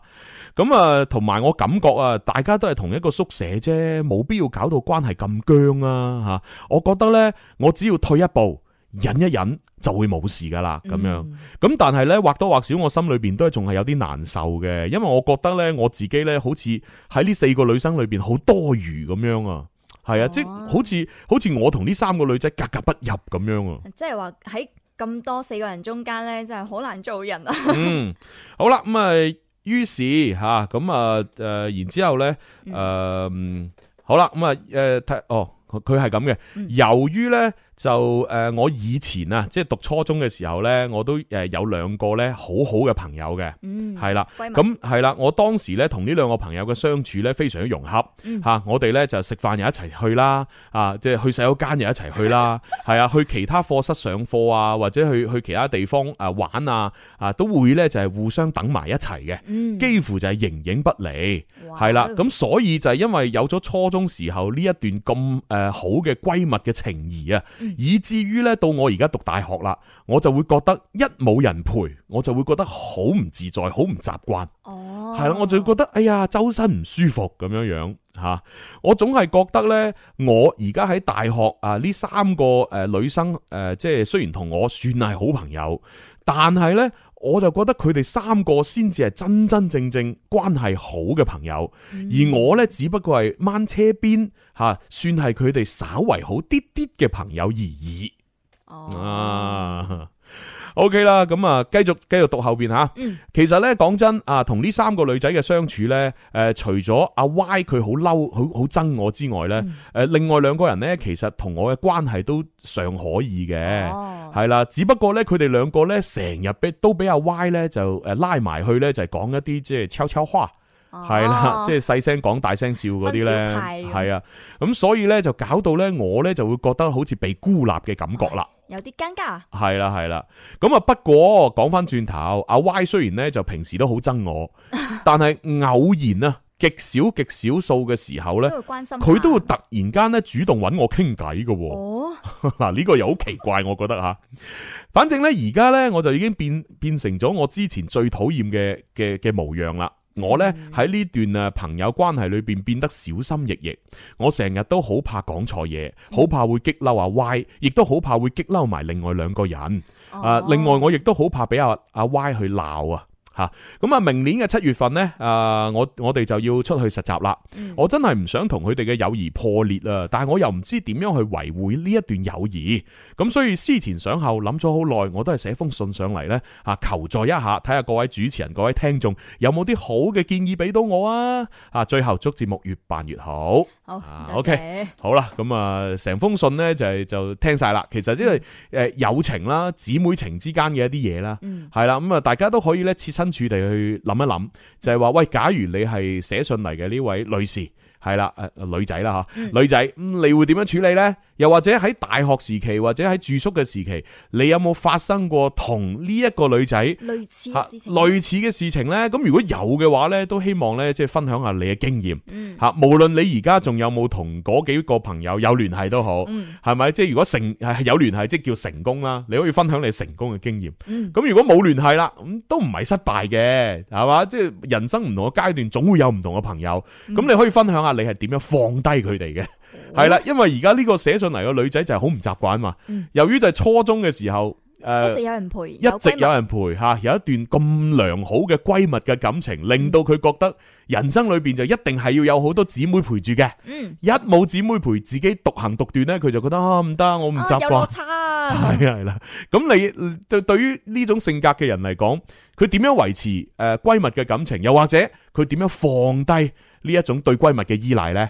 咁啊，同埋我感覺啊，大家都係同一個宿舍啫，冇必要搞到關係咁僵啊吓，啊，我覺得呢，我只要退一步。忍一忍就會冇事噶啦，咁、嗯、樣咁但係咧，或多或少我心裏邊都係仲係有啲難受嘅，因為我覺得咧，我自己咧，好似喺呢四個女生裏邊好多餘咁樣啊，係啊，哦、即係好似好似我同呢三個女仔格格不入咁樣啊、哦，即係話喺咁多四個人中間咧，真係好難做人啊。嗯，好啦，咁啊，於是吓咁啊，誒、啊啊，然之後咧，誒、啊，好啦，咁啊，誒、啊，睇哦，佢係咁嘅，由於咧。就誒、呃，我以前啊，即係讀初中嘅時候呢，我都有兩個呢好好嘅朋友嘅，係、嗯、啦，咁係啦。我當時呢，同呢兩個朋友嘅相處呢，非常融洽、嗯啊、我哋呢，就食飯又一齊去啦，啊，即係去洗手間又一齊去啦，係啊，去其他課室上課啊，或者去去其他地方啊玩啊，啊，都會呢，就係、是、互相等埋一齊嘅、嗯，幾乎就係形影不離，係啦。咁所以就係因為有咗初中時候呢一段咁、呃、好嘅閨蜜嘅情誼啊。以至於咧，到我而家讀大學啦，我就會覺得一冇人陪，我就會覺得好唔自在，好唔習慣。哦，係啦，我就會覺得哎呀，周身唔舒服咁樣樣吓。我總係覺得呢，我而家喺大學啊，呢三個誒、呃、女生誒，即、呃、係雖然同我算係好朋友，但係呢。我就覺得佢哋三個先至係真真正正關係好嘅朋友，而我呢，只不過係掹車邊吓，算係佢哋稍為好啲啲嘅朋友而已。啊、哦。Uh O K 啦，咁啊，繼續繼續讀後邊吓。其實咧，講真啊，同呢三個女仔嘅相處咧，誒，除咗阿 Y 佢好嬲，好好憎我之外咧，誒、嗯，另外兩個人咧，其實同我嘅關係都尚可以嘅，係、哦、啦。只不過咧，佢哋兩個咧成日俾都俾阿 Y 咧就誒拉埋去咧，就係講一啲即係悄悄話，係、哦、啦，即係細聲講大聲笑嗰啲咧，係啊。咁所以咧就搞到咧我咧就會覺得好似被孤立嘅感覺啦。哦。有啲尷尬，係啦係啦，咁啊，不過講翻轉頭，阿 Y 雖然咧就平時都好憎我， 但係偶然啊，極少極少數嘅時候咧，佢都，都會突然間咧主動揾我傾偈嘅。哦，嗱呢個又好奇怪，我覺得吓。反正咧而家咧我就已經變變成咗我之前最討厭嘅嘅嘅模樣啦。我呢喺呢段啊朋友關係裏邊變得小心翼翼，我成日都好怕講錯嘢，好怕會激嬲阿 Y，亦都好怕會激嬲埋另外兩個人。啊、oh.，另外我亦都好怕俾阿阿 Y 去鬧啊。咁啊，明年嘅七月份呢，我我哋就要出去實習啦。我真係唔想同佢哋嘅友誼破裂啊，但係我又唔知點樣去維護呢一段友誼，咁所以思前想後諗咗好耐，我都係寫封信上嚟，呢，啊，求助一下，睇下各位主持人、各位聽眾有冇啲好嘅建議俾到我啊！啊，最後祝節目越辦越好。啊，OK，好啦，咁、嗯、啊，成封信咧就係就聽晒啦。其實因為誒友情啦，姊妹情之間嘅一啲嘢啦，係、嗯、啦，咁啊、嗯，大家都可以咧設身處地去諗一諗、嗯，就係、是、話喂，假如你係寫信嚟嘅呢位女士，係啦誒女仔啦吓，女仔，咁、呃嗯、你會點樣處理咧？又或者喺大學時期，或者喺住宿嘅時期，你有冇發生過同呢一個女仔類似嘅事情呢？咁如果有嘅話呢，都希望呢，即係分享下你嘅經驗。吓、嗯，無論你而家仲有冇同嗰幾個朋友有聯繫都好，係、嗯、咪？即係如果成有聯繫，即係叫成功啦。你可以分享你成功嘅經驗。咁、嗯、如果冇聯繫啦，咁都唔係失敗嘅，係嘛？即係人生唔同嘅階段，總會有唔同嘅朋友。咁、嗯、你可以分享下你係點樣放低佢哋嘅。係啦，因為而家呢個寫上嚟嘅女仔就係好唔習慣嘛。嗯、由於就係初中嘅時候，誒、呃、一直有人陪，一直有人陪吓、啊，有一段咁良好嘅閨蜜嘅感情，嗯、令到佢覺得人生裏邊就一定係要有好多姊妹陪住嘅。嗯，一冇姊妹陪自己獨行獨斷呢，佢就覺得啊唔得，我唔習慣。係啊係啦，咁、啊、你對對於呢種性格嘅人嚟講，佢點樣維持誒閨蜜嘅感情，又或者佢點樣放低呢一種對閨蜜嘅依賴呢？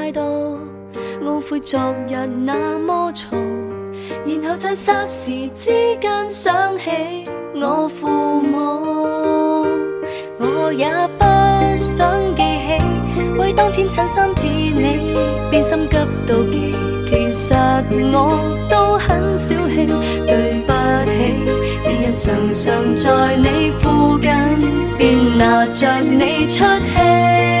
懊悔昨日那麼嘈，然後在霎時之間想起我父母，我也不想記起，為當天趁心置你，便心急妒忌，其實我都很小氣。對不起，只因常常在你附近，便拿着你出氣。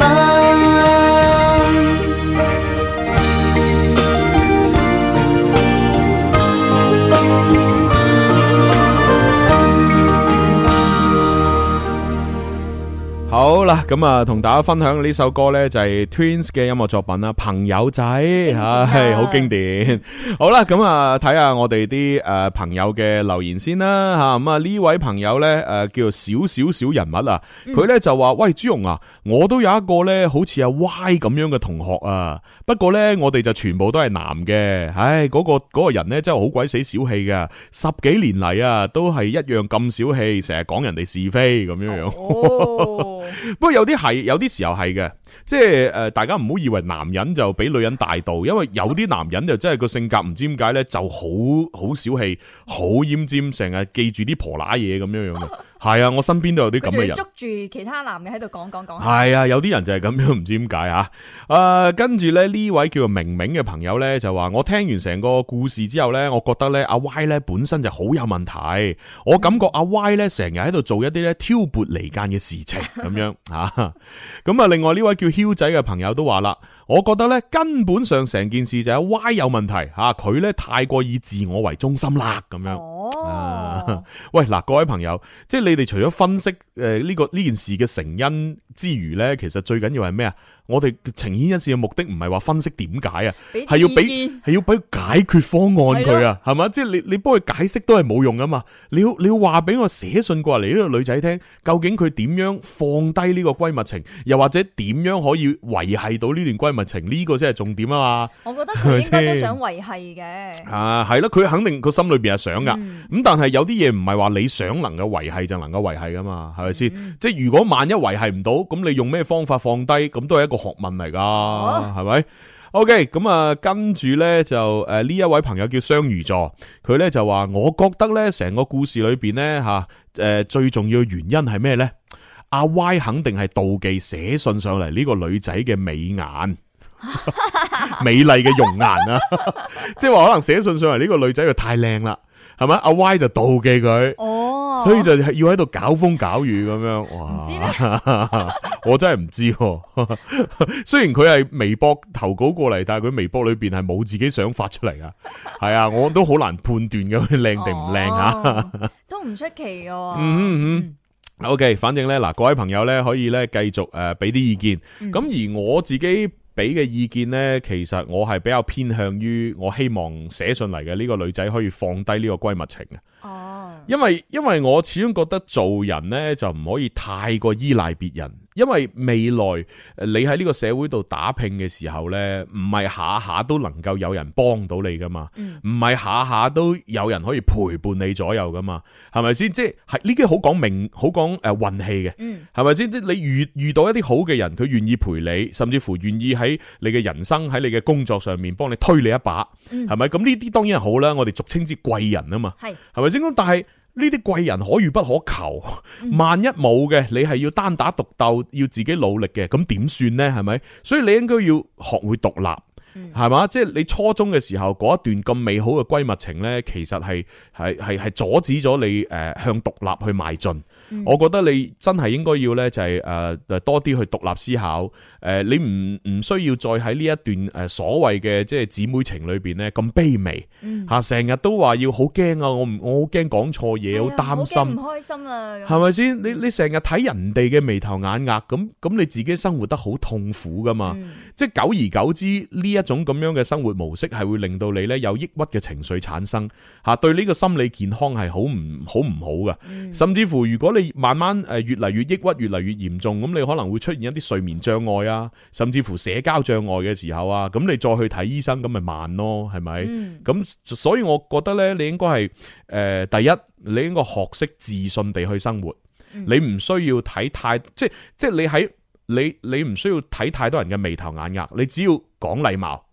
好啦，咁啊，同大家分享呢首歌呢，就係 Twins 嘅音樂作品啦，《朋友仔》吓係好經典。好啦，咁啊，睇下我哋啲誒朋友嘅留言先啦吓。咁啊，呢位朋友呢，誒，叫做小小小人物啊，佢、嗯、呢，就話：，喂，朱榮啊，我都有一個呢，好似阿 Y 咁樣嘅同學啊。不過呢，我哋就全部都係男嘅。唉，嗰、那個嗰、那個人呢，真係好鬼死小氣噶，十幾年嚟啊，都係一樣咁小氣，成日講人哋是非咁樣樣。哦 不過有啲係，有啲時候係嘅，即係誒，大家唔好以為男人就比女人大度，因為有啲男人就真係個性格唔知點解咧，就好好小氣，好奄尖，成日記住啲婆乸嘢咁樣樣嘅。係啊，我身邊都有啲咁嘅人。捉住其他男嘅喺度講講講。係啊，有啲人就係咁樣，唔知點解啊。誒、啊，跟住咧呢位叫做明明嘅朋友咧就話，我聽完成個故事之後咧，我覺得咧阿 Y 咧本身就好有問題。我感覺阿 Y 咧成日喺度做一啲咧挑撥離間嘅事情咁樣啊。咁啊，另外呢位叫囂仔嘅朋友都話啦，我覺得咧根本上成件事就係 Y 有問題吓，佢、啊、咧太過以自我為中心啦咁樣。哦。啊、喂，嗱，各位朋友，即係你。你哋除咗分析誒呢個呢件事嘅成因之餘咧，其實最緊要係咩啊？我哋情牽一線嘅目的唔係話分析點解啊，係要俾係要俾解決方案佢啊，係嘛？即係你你幫佢解釋都係冇用噶嘛。你要你要話俾我寫信過嚟呢個女仔聽，究竟佢點樣放低呢個閨蜜情，又或者點樣可以維繫到呢段閨蜜情？呢個先係重點啊嘛。我覺得佢應該都想維繫嘅。啊，係咯，佢肯定佢心裏邊係想噶。咁、嗯、但係有啲嘢唔係話你想能夠維繫就能夠維繫噶嘛，係咪先？即係如果萬一維繫唔到，咁你用咩方法放低，咁都係一個。學問嚟噶，係咪？OK，咁啊，跟住咧就誒呢一位朋友叫雙魚座，佢咧就話，我覺得咧成個故事裏邊咧吓誒最重要原因係咩咧？阿 Y 肯定係妒忌寫信上嚟呢個女仔嘅美顏、美麗嘅容顏啊，即係話可能寫信上嚟呢個女仔就太靚啦。係咪？阿 Y 就妒忌佢、哦，所以就要喺度搞風搞雨咁樣。哇！ 我真係唔知、啊，雖然佢係微博投稿過嚟，但係佢微博裏邊係冇自己想發出嚟噶。係啊，我都好難判斷嘅，佢靚定唔靚吓，哦、 都唔出奇喎、啊。嗯嗯嗯。O、okay, K，反正咧嗱，各位朋友咧可以咧繼續誒俾啲意見。咁、嗯、而我自己。俾嘅意見呢，其實我係比較偏向於我希望寫信嚟嘅呢個女仔可以放低呢個閨蜜情嘅，因為因為我始終覺得做人呢，就唔可以太過依賴別人。因為未來你喺呢個社會度打拼嘅時候咧，唔係下下都能夠有人幫到你噶嘛，唔係下下都有人可以陪伴你左右噶嘛，係咪先？即係呢啲好講命好講誒運氣嘅，係咪先？即你遇遇到一啲好嘅人，佢願意陪你，甚至乎願意喺你嘅人生喺你嘅工作上面幫你推你一把，係咪？咁呢啲當然係好啦，我哋俗稱之貴人啊嘛，係咪先？咁但係，呢啲貴人可遇不可求，萬一冇嘅，你係要單打獨鬥，要自己努力嘅，咁點算呢？係咪？所以你應該要學會獨立，係嘛、嗯？即係你初中嘅時候嗰一段咁美好嘅閨蜜情呢，其實係係係係阻止咗你誒、呃、向獨立去邁進。我覺得你真係應該要咧，就係誒多啲去獨立思考。誒，你唔唔需要再喺呢一段誒所謂嘅即係姊妹情裏邊咧咁卑微吓，成、嗯、日都話要好驚啊！我唔我好驚講錯嘢，好、哎、擔心，唔開心啊，係咪先？你你成日睇人哋嘅眉頭眼額，咁咁你自己生活得好痛苦噶嘛？即、嗯、係、就是、久而久之呢一種咁樣嘅生活模式，係會令到你咧有抑鬱嘅情緒產生吓，對呢個心理健康係好唔好唔好噶，甚至乎如果你。慢慢誒越越，越嚟越抑鬱，越嚟越嚴重。咁你可能會出現一啲睡眠障礙啊，甚至乎社交障礙嘅時候啊。咁你再去睇醫生，咁咪慢咯，係咪？咁、嗯、所以我覺得呢，你應該係誒，第一，你應該學識自信地去生活。嗯、你唔需要睇太，即係即係你喺你你唔需要睇太多人嘅眉頭眼額。你只要講禮貌，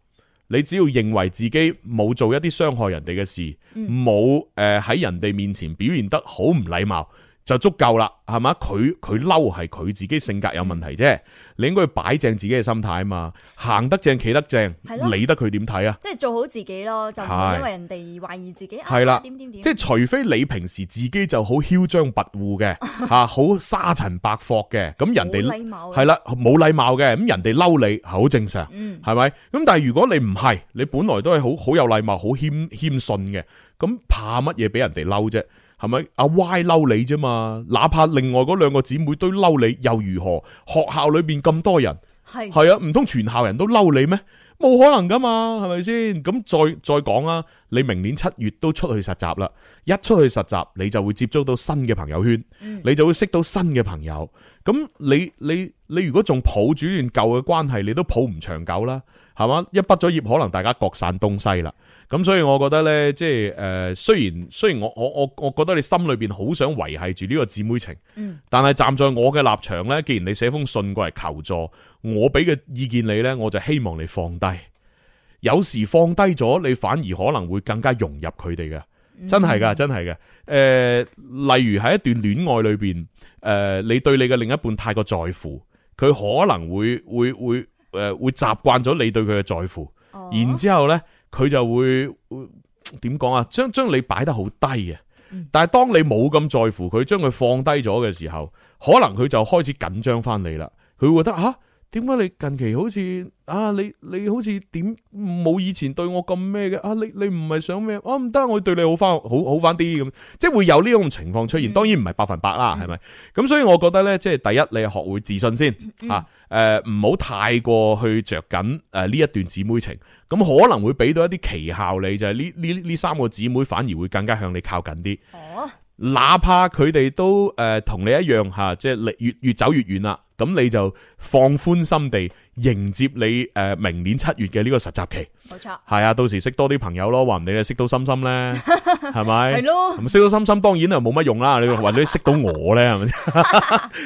你只要認為自己冇做一啲傷害人哋嘅事，冇誒喺人哋面前表現得好唔禮貌。就足夠啦，係嘛？佢佢嬲係佢自己性格有問題啫。你應該擺正自己嘅心態啊嘛，行得正企得正，得正理得佢點睇啊？即係做好自己咯，就唔因為人哋懷疑自己。係啦，啊、點點點即係除非你平時自己就好囂張跋扈嘅，好、 啊、沙塵白霍嘅，咁人哋係啦冇禮貌嘅，咁人哋嬲你係好正常，係、嗯、咪？咁但係如果你唔係，你本來都係好好有禮貌、好謙謙遜嘅，咁怕乜嘢俾人哋嬲啫？係咪？阿 Y 嬲你啫嘛？哪怕另外嗰兩個姊妹都嬲你又如何？學校裏邊咁多人，係係啊，唔通全校人都嬲你咩？冇可能噶嘛，係咪先？咁再再講啊，你明年七月都出去實習啦，一出去實習你就會接觸到新嘅朋友圈，嗯、你就會識到新嘅朋友。咁你你你如果仲抱住段舊嘅關係，你都抱唔長久啦，係嘛？一畢咗業，可能大家各散東西啦。咁所以我覺得呢，即係誒，雖然雖然我我我覺得你心裏邊好想維繫住呢個姊妹情，嗯，但係站在我嘅立場呢，既然你寫封信過嚟求助，我俾嘅意見你呢，我就希望你放低。有時放低咗，你反而可能會更加融入佢哋嘅。真係噶，真係嘅。誒，呃，例如喺一段戀愛裏邊，誒，呃，你對你嘅另一半太過在乎，佢可能會會會誒，呃，會習慣咗你對佢嘅在乎，哦，然之後呢佢就會點講啊？將將你擺得好低嘅，但係當你冇咁在乎佢，將佢放低咗嘅時候，可能佢就開始緊張翻你啦。佢會覺得啊～點解你近期好似啊，你你好似點冇以前對我咁咩嘅啊？你你唔係想咩啊？唔得，我對你好翻好好翻啲咁，即係會有呢種情況出現。嗯、當然唔係百分百啦，係、嗯、咪？咁所以我覺得咧，即係第一，你學會自信先、嗯、啊。誒、呃，唔好太過去着緊誒呢一段姊妹情。咁可能會俾到一啲奇效，你就係呢呢呢三個姊妹反而會更加向你靠近啲、哦。哪怕佢哋都誒同、呃、你一樣吓、啊，即係越越越走越遠啦。咁你就放寬心地迎接你誒明年七月嘅呢個實習期，冇錯。係啊，到時識多啲朋友咯，話唔定你識到心心咧，係咪？係咯，咁識到心心當然啊冇乜用啦，你或者識到我咧係咪？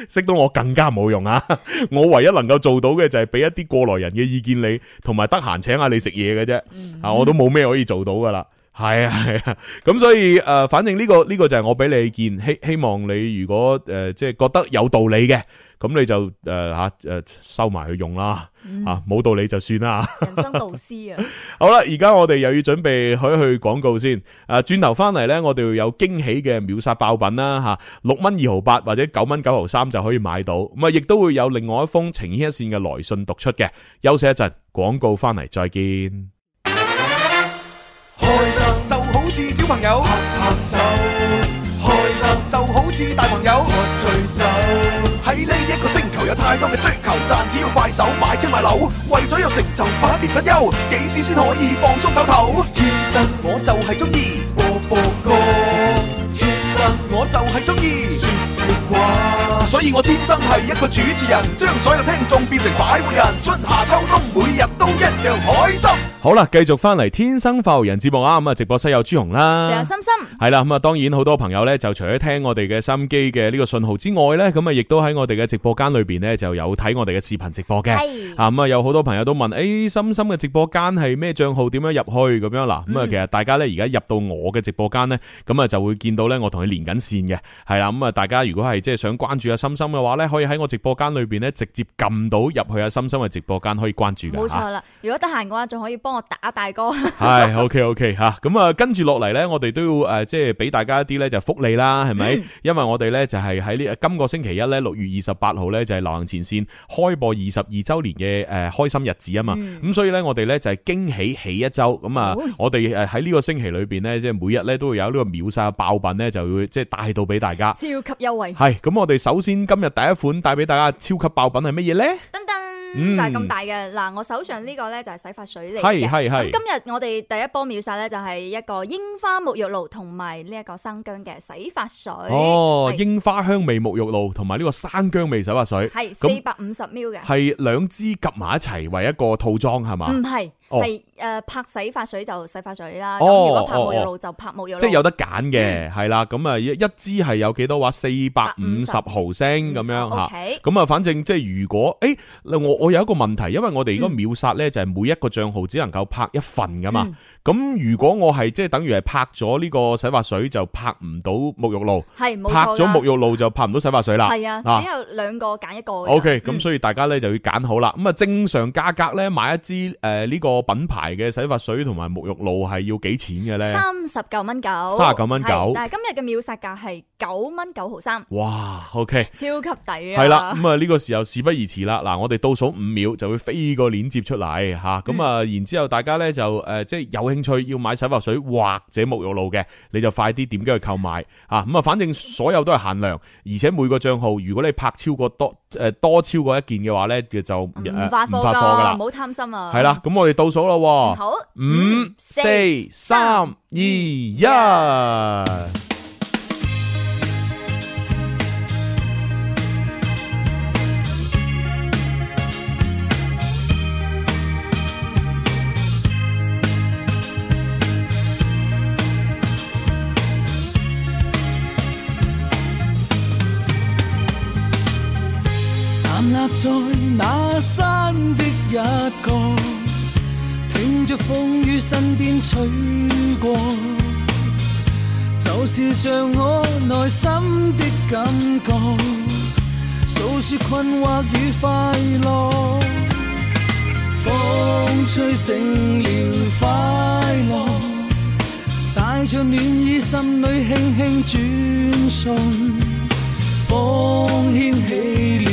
識到我更加冇用啊！我唯一能夠做到嘅就係俾一啲過來人嘅意見你，同埋得閒請下你食嘢嘅啫。啊，我都冇咩可以做到噶啦。係啊，係啊。咁所以誒，反正呢個呢個就係我俾你意見，希希望你如果誒即係覺得有道理嘅。咁你就誒吓誒收埋去用啦，啊、嗯、冇道理就算啦。 人生導師啊！好啦，而家我哋又要準備去去廣告先。誒，轉頭翻嚟呢，我哋會有驚喜嘅秒殺爆品啦吓，六蚊二毫八或者九蚊九毫三就可以買到。咁啊，亦都會有另外一封情牽一線嘅來信讀出嘅。休息一陣，廣告翻嚟再見。就好似大朋友喝醉酒，喺呢一個星球有太多嘅追求，賺錢要快手買車買樓，為咗有成就百年不憂，幾時先可以放鬆唞唞？天生我就係中意播播歌，天生我就係中意說說話，所以我天生係一個主持人，將所有聽眾變成擺渡人，春夏秋冬每日都一樣開心。好啦，繼續翻嚟《天生發人》節目啊，咁啊，直播室有朱紅啦，仲有心心。係啦，咁啊，當然好多朋友咧就除咗聽我哋嘅收音機嘅呢個信號之外咧，咁啊，亦都喺我哋嘅直播間裏邊咧就有睇我哋嘅視頻直播嘅，係啊，咁啊，有好多朋友都問，誒、欸，心心嘅直播間係咩賬號，點樣入去咁樣嗱，咁啊、嗯，其實大家咧而家入到我嘅直播間咧，咁啊就會見到咧我同佢連緊線嘅，係啦，咁啊，大家如果係即係想關注阿、啊、心心嘅話咧，可以喺我直播間裏邊咧直接撳到入去阿、啊、心心嘅直播間可以關注嘅，冇錯啦、啊，如果得閒嘅話，仲可以幫。我打大哥， 係 OK OK 吓、啊，咁啊跟住落嚟咧，我哋都要誒，即係俾大家一啲咧，就福利啦，係咪、嗯？因為我哋咧就係喺呢今個星期一咧，六月二十八號咧就係流行前綫開播二十二周年嘅誒開心日子啊嘛，咁、嗯、所以咧我哋咧就係驚喜起一周，咁、嗯、啊我哋誒喺呢個星期裏邊咧，即係每日咧都會有呢個秒殺爆品咧，就會即係帶到俾大家，超級優惠。係。咁我哋首先今日第一款帶俾大家超級爆品係乜嘢咧？燈燈嗯，就係咁大嘅嗱，我手上呢個呢，就係洗髮水嚟嘅。係係係。今日我哋第一波秒殺呢，就係一個櫻花沐浴露同埋呢一個生薑嘅洗髮水。哦，櫻是花香味沐浴露同埋呢個生薑味洗髮水。係四百五十 ml 嘅。係兩支夾埋一齊為一個套裝係嘛？唔係。係、哦、誒、呃，拍洗髮水就洗髮水啦。咁、哦、如果拍沐浴露就拍沐浴露。哦哦、即係有得揀嘅，係、嗯、啦。咁啊，一一支係有幾多話？四百五十毫升咁、嗯、樣吓。咁啊，反正即係如果誒、欸，我我有一個問題，因為我哋而家秒殺咧，就係每一個賬號只能夠拍一份噶嘛。咁、嗯、如果我係即係等於係拍咗呢個洗髮水，就拍唔到沐浴露。係冇錯。拍咗沐浴露就拍唔到洗髮水啦。係啊，只有兩個揀一個。O K。咁所以大家咧就要揀好啦。咁、嗯、啊，正常價格咧買一支誒呢個。品牌嘅洗髮水同埋沐浴露係要幾錢嘅咧？三十九蚊九，三十九蚊九。但係今日嘅秒殺價係九蚊九毫三。哇，OK，超級抵啊！係啦，咁啊呢個時候事不宜遲啦。嗱，我哋倒數五秒就會飛個鏈接出嚟吓，咁、嗯、啊然之後大家咧就誒即係有興趣要買洗髮水或者沐浴露嘅，你就快啲點擊去購買啊！咁、嗯、啊，反正所有都係限量，而且每個賬號如果你拍超過多。誒，多超過一件嘅話咧，就唔發貨噶啦，唔好貪心啊。係啦，咁我哋倒數咯，好，五、四、三、二、一。站在那山的一角，聽着風雨身邊吹過，就是像我內心的感覺，訴說困惑與快樂。風吹成了快樂，帶着暖意心裏輕輕轉送，風牽起了。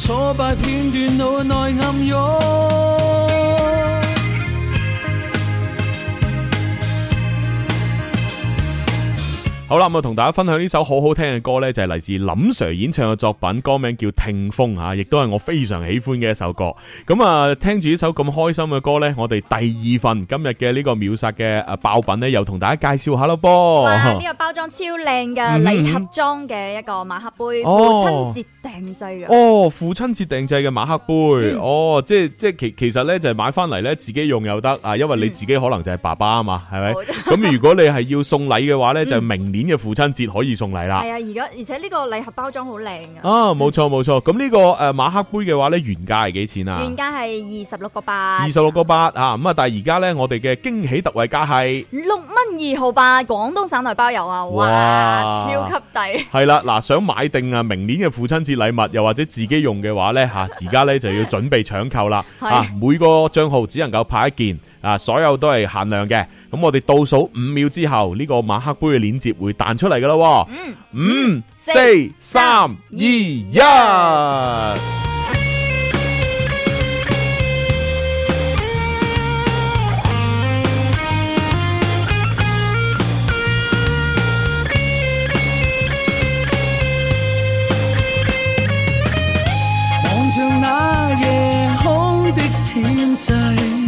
挫敗片段，腦內暗湧。好啦，我同大家分享呢首好好聽嘅歌呢就係嚟自林 sir 演唱嘅作品，歌名叫《聽風》啊，亦都係我非常喜歡嘅一首歌。咁啊，聽住呢首咁開心嘅歌呢，我哋第二份今日嘅呢個秒殺嘅誒爆品呢，又同大家介紹下咯噃。呢個包裝超靚嘅禮盒裝嘅一個馬克杯，父親節定制嘅。哦，父親節定制嘅馬克杯，哦，嗯、哦即係即係其其實呢就係、是、買翻嚟呢自己用又得啊，因為你自己可能就係爸爸啊嘛，係、嗯、咪？咁如果你係要送禮嘅話呢、嗯，就是、明年。年嘅父親節可以送禮啦，係啊，而家而且呢個禮盒包裝好靚噶，啊，冇錯冇錯，咁呢個誒馬克杯嘅話呢，原價係幾錢啊？原價係二十六個八，二十六個八啊，咁啊，但係而家呢，我哋嘅驚喜特惠價係六蚊二毫八，廣東省內包郵啊，哇，超級抵，係啦，嗱，想買定啊明年嘅父親節禮物，又或者自己用嘅話呢，吓，而家呢就要準備搶購啦， 啊，每個賬號只能夠拍一件。啊！所有都係限量嘅，咁我哋倒數五秒之後，呢、這個馬克杯嘅鏈接會彈出嚟噶咯。嗯，五、四、三、二、一。望着、嗯嗯嗯嗯嗯嗯嗯嗯、那夜空的天際。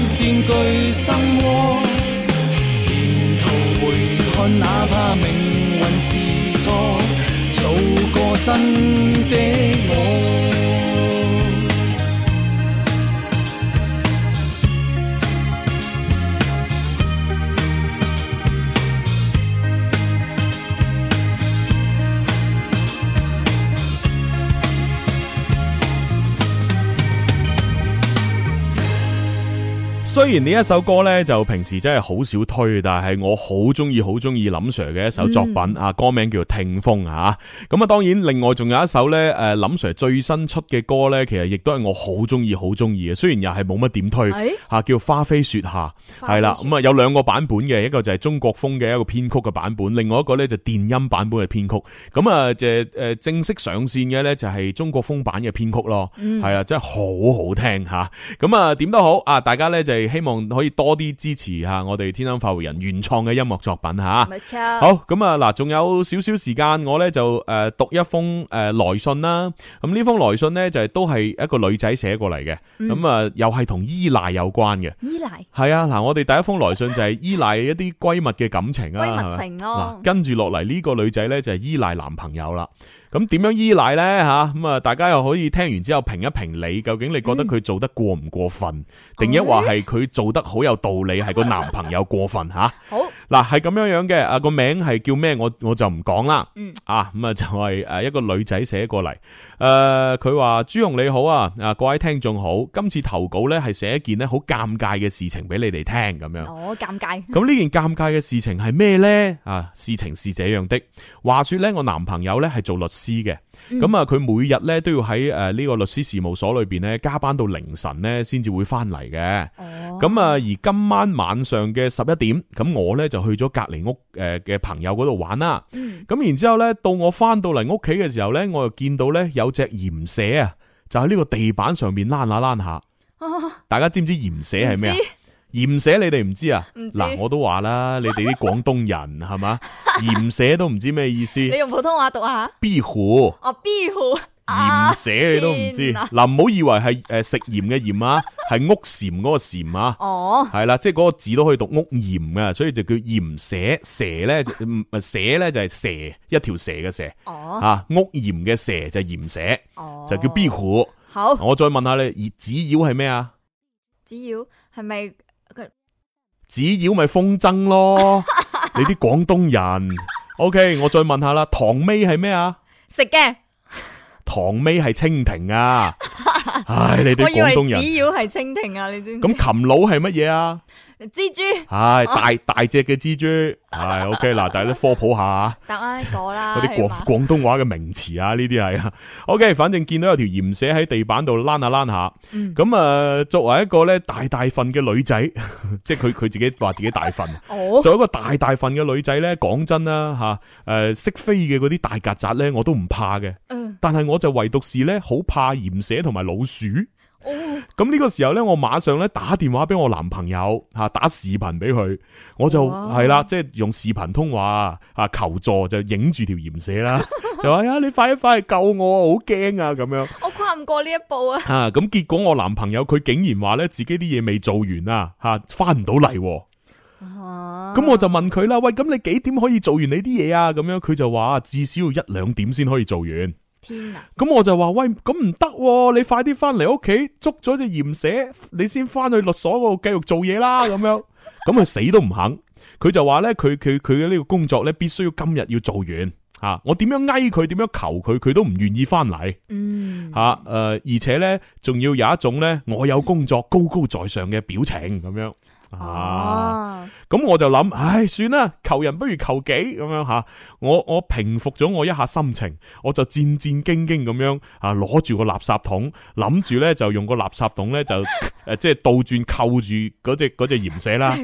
句心窩，沿途回看，哪怕命運是錯，做個真的。雖然呢一首歌咧，就平時真係好少推，但係我好中意好中意林 Sir 嘅一首作品啊、嗯，歌名叫做《聽風》啊。咁啊，當然另外仲有一首咧，誒，林 Sir 最新出嘅歌咧，其實亦都係我好中意好中意嘅。雖然又係冇乜點推，吓、欸啊、叫《花飛雪下》係啦。咁啊，有兩個版本嘅，一個就係中國風嘅一個編曲嘅版本，另外一個咧就係電音版本嘅編曲。咁啊，就誒正式上線嘅咧就係中國風版嘅編曲咯。係、嗯、啊，真係好好聽吓。咁啊，點都好啊，大家咧就。希望可以多啲支持下我哋天生法為人原創嘅音樂作品吓，冇錯，好咁啊嗱，仲有少少時間，我呢就誒讀一封誒、呃、來信啦。咁呢封來信呢，就係、是、都係一個女仔寫過嚟嘅，咁、嗯、啊又係同依賴有關嘅，依賴係啊嗱，我哋第一封來信就係依賴一啲閨蜜嘅感情啊， 啊跟住落嚟呢個女仔呢，就係、是、依賴男朋友啦。咁點樣依賴咧吓咁啊？大家又可以聽完之後評一評理，究竟你覺得佢做得過唔過分，定一話係佢做得好有道理，係個男朋友過分吓？好嗱，係咁樣樣嘅啊，個名係叫咩？我我就唔講啦。嗯啊咁啊就係誒一個女仔寫過嚟誒，佢話朱紅你好啊啊，各位聽眾好，今次投稿咧係寫一件咧好尷尬嘅事情俾你哋聽咁樣。哦，尷尬。咁呢件尷尬嘅事情係咩咧？啊事情是這樣的，話說咧我男朋友咧係做律師。師嘅，咁啊，佢每日咧都要喺誒呢個律師事務所裏邊咧加班到凌晨咧，先至會翻嚟嘅。咁啊，而今晚晚上嘅十一點，咁我咧就去咗隔籬屋誒嘅朋友嗰度玩啦。咁然之後咧，到我翻到嚟屋企嘅時候咧，我又見到咧有隻鹽蛇啊，就喺呢個地板上邊躝下躝下。大家知唔知鹽蛇係咩啊？鹽蛇你哋唔知啊？嗱，我都話啦，你哋啲廣東人係嘛？鹽 蛇都唔知咩意思？ 你用普通話讀下。B 虎。哦，B 虎。鹽、啊、蛇你都唔知？嗱、啊，唔好以為係誒食鹽嘅鹽啊，係 屋檐嗰個檐啊。哦。係啦，即係嗰個字都可以讀屋檐啊，所以就叫鹽蛇。蛇咧，咪、嗯、蛇咧就係、是、蛇，一條蛇嘅蛇。哦。啊，屋檐嘅蛇就係鹽蛇。哦。就叫 B 虎。好。我再問下你，紙鷂係咩啊？紙鷂係咪？紙鷂咪風箏咯，你啲廣東人，OK，我再問下啦，唐尾係咩啊？食嘅。唐尾係蜻蜓啊，唉，你啲廣東人。我以為紙鷂係蜻蜓啊，你知唔知。咁琴佬係乜嘢啊？蜘蛛，係、啊、大大隻嘅蜘蛛，係 OK 嗱。大家科普下，嗰啲廣廣東話嘅名詞啊，呢啲係啊。OK，反正見到有條鹽蛇喺地板度躝下躝下，咁、嗯、啊，作為一個咧大大份嘅女仔， 即係佢佢自己話自己大份，作為 一個大大份嘅女仔咧。講真啦，吓、啊、誒，識飛嘅嗰啲大曱甴咧，我都唔怕嘅、嗯。但係我就唯獨是咧，好怕鹽蛇同埋老鼠。咁、哦、呢個時候呢，我馬上呢打電話俾我男朋友吓，打視頻俾佢，我就係啦，即係用視頻通話求助，就影住條鹽蛇啦，就話、 哎、呀，你快一快嚟救我，好驚啊，咁樣，我跨唔過呢一步啊，啊。吓咁結果我男朋友佢竟然話呢自己啲嘢未做完啊，吓返唔到嚟。喎。咁我就問佢啦，喂，咁你幾點可以做完你啲嘢啊？咁樣，佢就話至少要一兩點先可以做完。天啊！咁我就話，喂，咁唔得，你快啲翻嚟屋企捉咗隻鹽蛇，你先翻去律所嗰度繼續做嘢啦。咁樣，咁佢死都唔肯。佢 就話咧，佢佢佢嘅呢個工作咧，必須要今日要做完吓。我點樣哀佢，點樣求佢，佢都唔願意翻嚟。嗯吓，誒，而且咧，仲要有一種咧，我有工作 高高在上嘅表情咁樣。啊，咁我就諗，唉，算啦，求人不如求己咁樣吓，我我平復咗我一下心情，我就戰戰兢兢咁樣攞住個垃圾桶，諗住咧就用個垃圾桶咧就誒，即 係倒轉扣住嗰隻嗰隻鹽蛇啦，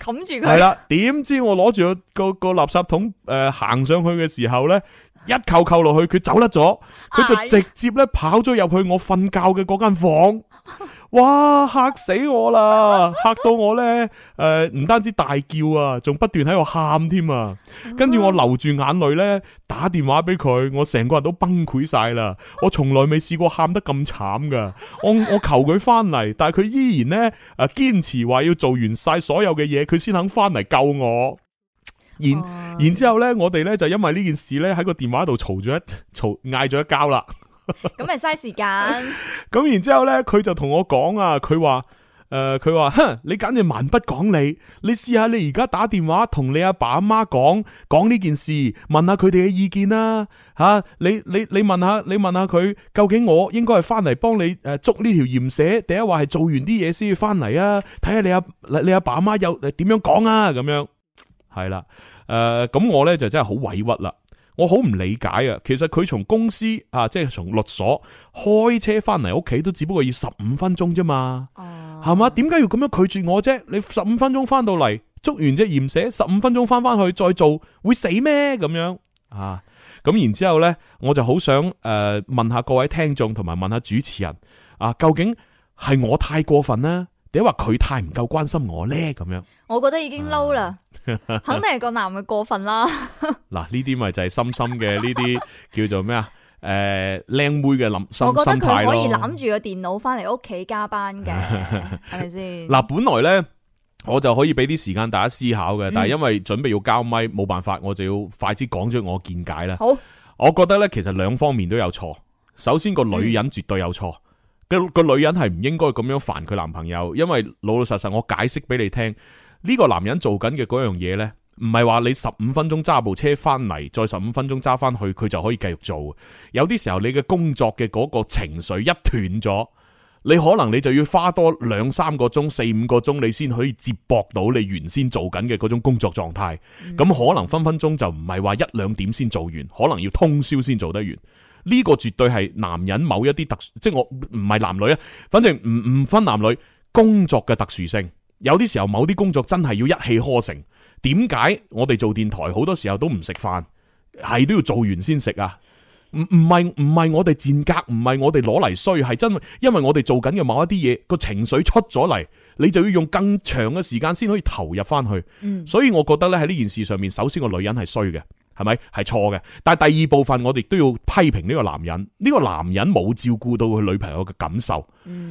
冚 住佢，係啦，點知我攞住個個個垃圾桶誒、呃、行上去嘅時候咧，一扣扣落去，佢走甩咗，佢就直接咧跑咗入去我瞓覺嘅嗰間房。哇！嚇死我啦！嚇 到我呢，誒、呃，唔單止大叫啊，仲不斷喺度喊添啊！跟住我流住眼淚呢，打電話俾佢，我成個人都崩潰晒啦！我從來未試過喊得咁慘噶！我我求佢翻嚟，但係佢依然呢誒堅持話要做完晒所有嘅嘢，佢先肯翻嚟救我。然然之後呢， 後呢我哋呢就因為呢件事呢，喺個電話度嘈咗一嘈，嗌咗一交啦。咁咪嘥時間 。咁然之後呢佢就同我講啊，佢、呃、話，誒，佢話，哼，你簡直蠻不講理。你試下你而家打電話同你阿爸阿媽講，講呢件事，問下佢哋嘅意見啦。吓、啊，你你你問下，你問下佢，究竟我應該係翻嚟幫你誒捉呢條鹽蛇，定係話係做完啲嘢先翻嚟啊？睇下你阿你阿爸阿媽又點樣講啊？咁樣係啦。誒、呃，咁我呢就真係好委屈啦。我好唔理解啊！其實佢從公司啊，即係從律所開車翻嚟屋企，都只不過要十五分鐘啫嘛，係、嗯、嘛？點解要咁樣拒絕我啫？你十五分鐘翻到嚟，捉完隻驗寫，十五分鐘翻翻去再做，會死咩？咁樣啊？咁然之後呢我就好想誒、呃、問下各位聽眾，同埋問下主持人啊，究竟係我太過分呢？你話佢太唔夠關心我咧，咁樣，我覺得已經嬲啦，啊、肯定係個男嘅過分啦。嗱，呢啲咪就係深深嘅呢啲叫做咩啊？誒、呃，靚妹嘅諗心。我覺得佢可以攬住個電腦翻嚟屋企加班嘅，係咪先？嗱、啊，本來咧我就可以俾啲時間大家間思考嘅、嗯，但係因為準備要交咪，冇辦法，我就要快啲講咗我嘅見解啦。好，我覺得咧，其實兩方面都有錯。首先，個女人絕對有錯。嗯個女人係唔應該咁樣煩佢男朋友，因為老老實實我解釋俾你聽，呢、這個男人做緊嘅嗰樣嘢呢，唔係話你十五分鐘揸部車翻嚟，再十五分鐘揸翻去，佢就可以繼續做。有啲時候你嘅工作嘅嗰個情緒一斷咗，你可能你就要花多兩三個鐘、四五個鐘，你先可以接駁到你原先做緊嘅嗰種工作狀態。咁、嗯、可能分分鐘就唔係話一兩點先做完，可能要通宵先做得完。呢、這個絕對係男人某一啲特殊，即係我唔係男女啊，反正唔唔分男女，工作嘅特殊性，有啲時候某啲工作真係要一氣呵成。點解我哋做電台好多時候都唔食飯，係都要做完先食啊？唔唔係唔係我哋賤格，唔係我哋攞嚟衰，係真係，因為我哋做緊嘅某一啲嘢個情緒出咗嚟。你就要用更長嘅時間先可以投入翻去，所以我覺得咧喺呢件事上面，首先個女人係衰嘅，係咪？係錯嘅。但係第二部分，我哋都要批評呢個男人，呢個男人冇照顧到佢女朋友嘅感受，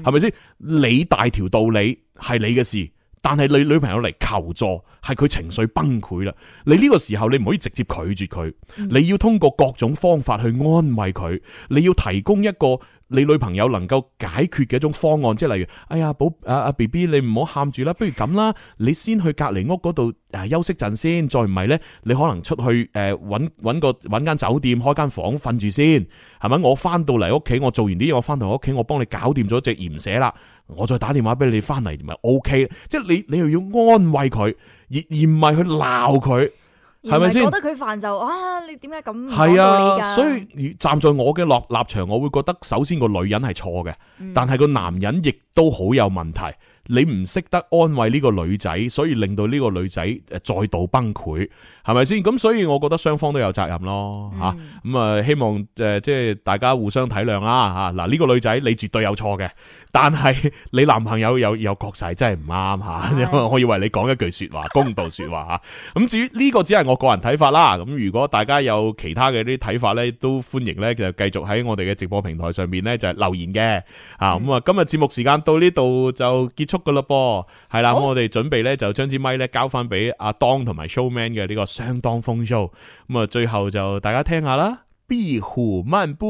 係咪先？你大條道理係你嘅事，但係你女朋友嚟求助，係佢情緒崩潰啦。你呢個時候你唔可以直接拒絕佢，你要通過各種方法去安慰佢，你要提供一個。你女朋友能夠解決嘅一種方案，即係例如，哎呀，寶啊啊 B B，你唔好喊住啦，不如咁啦，你先去隔離屋嗰度休息陣先，再唔係呢，你可能出去誒揾揾個間酒店開間房瞓住先，係咪？我翻到嚟屋企，我做完啲嘢，我翻到屋企，我幫你搞掂咗隻鹽蛇啦，我再打電話俾你，你翻嚟咪 O K。即係你你又要安慰佢，而而唔係去鬧佢。係咪先覺得佢煩就啊？你點解咁講？係啊，所以站在我嘅立立場，我會覺得首先個女人係錯嘅，嗯、但係個男人亦都好有問題。你唔識得安慰呢個女仔，所以令到呢個女仔誒再度崩潰，係咪先？咁所以我覺得雙方都有責任咯，吓、嗯、咁啊、嗯，希望誒即係大家互相體諒啦，吓嗱呢個女仔你絕對有錯嘅，但係你男朋友又又確實真係唔啱吓，因、啊、為我以為你講一句說話公道說話吓，咁 至於呢個只係我個人睇法啦，咁如果大家有其他嘅啲睇法咧，都歡迎咧，就繼續喺我哋嘅直播平台上面咧就留言嘅，啊咁啊、嗯嗯、今日節目時間到呢度就結束。速噶啦噃，係啦，哦、咁我哋準備咧就將支咪咧交翻俾阿當同埋 Showman 嘅呢個相當風 show 咁啊，最後就大家聽下啦，《壁虎漫步》。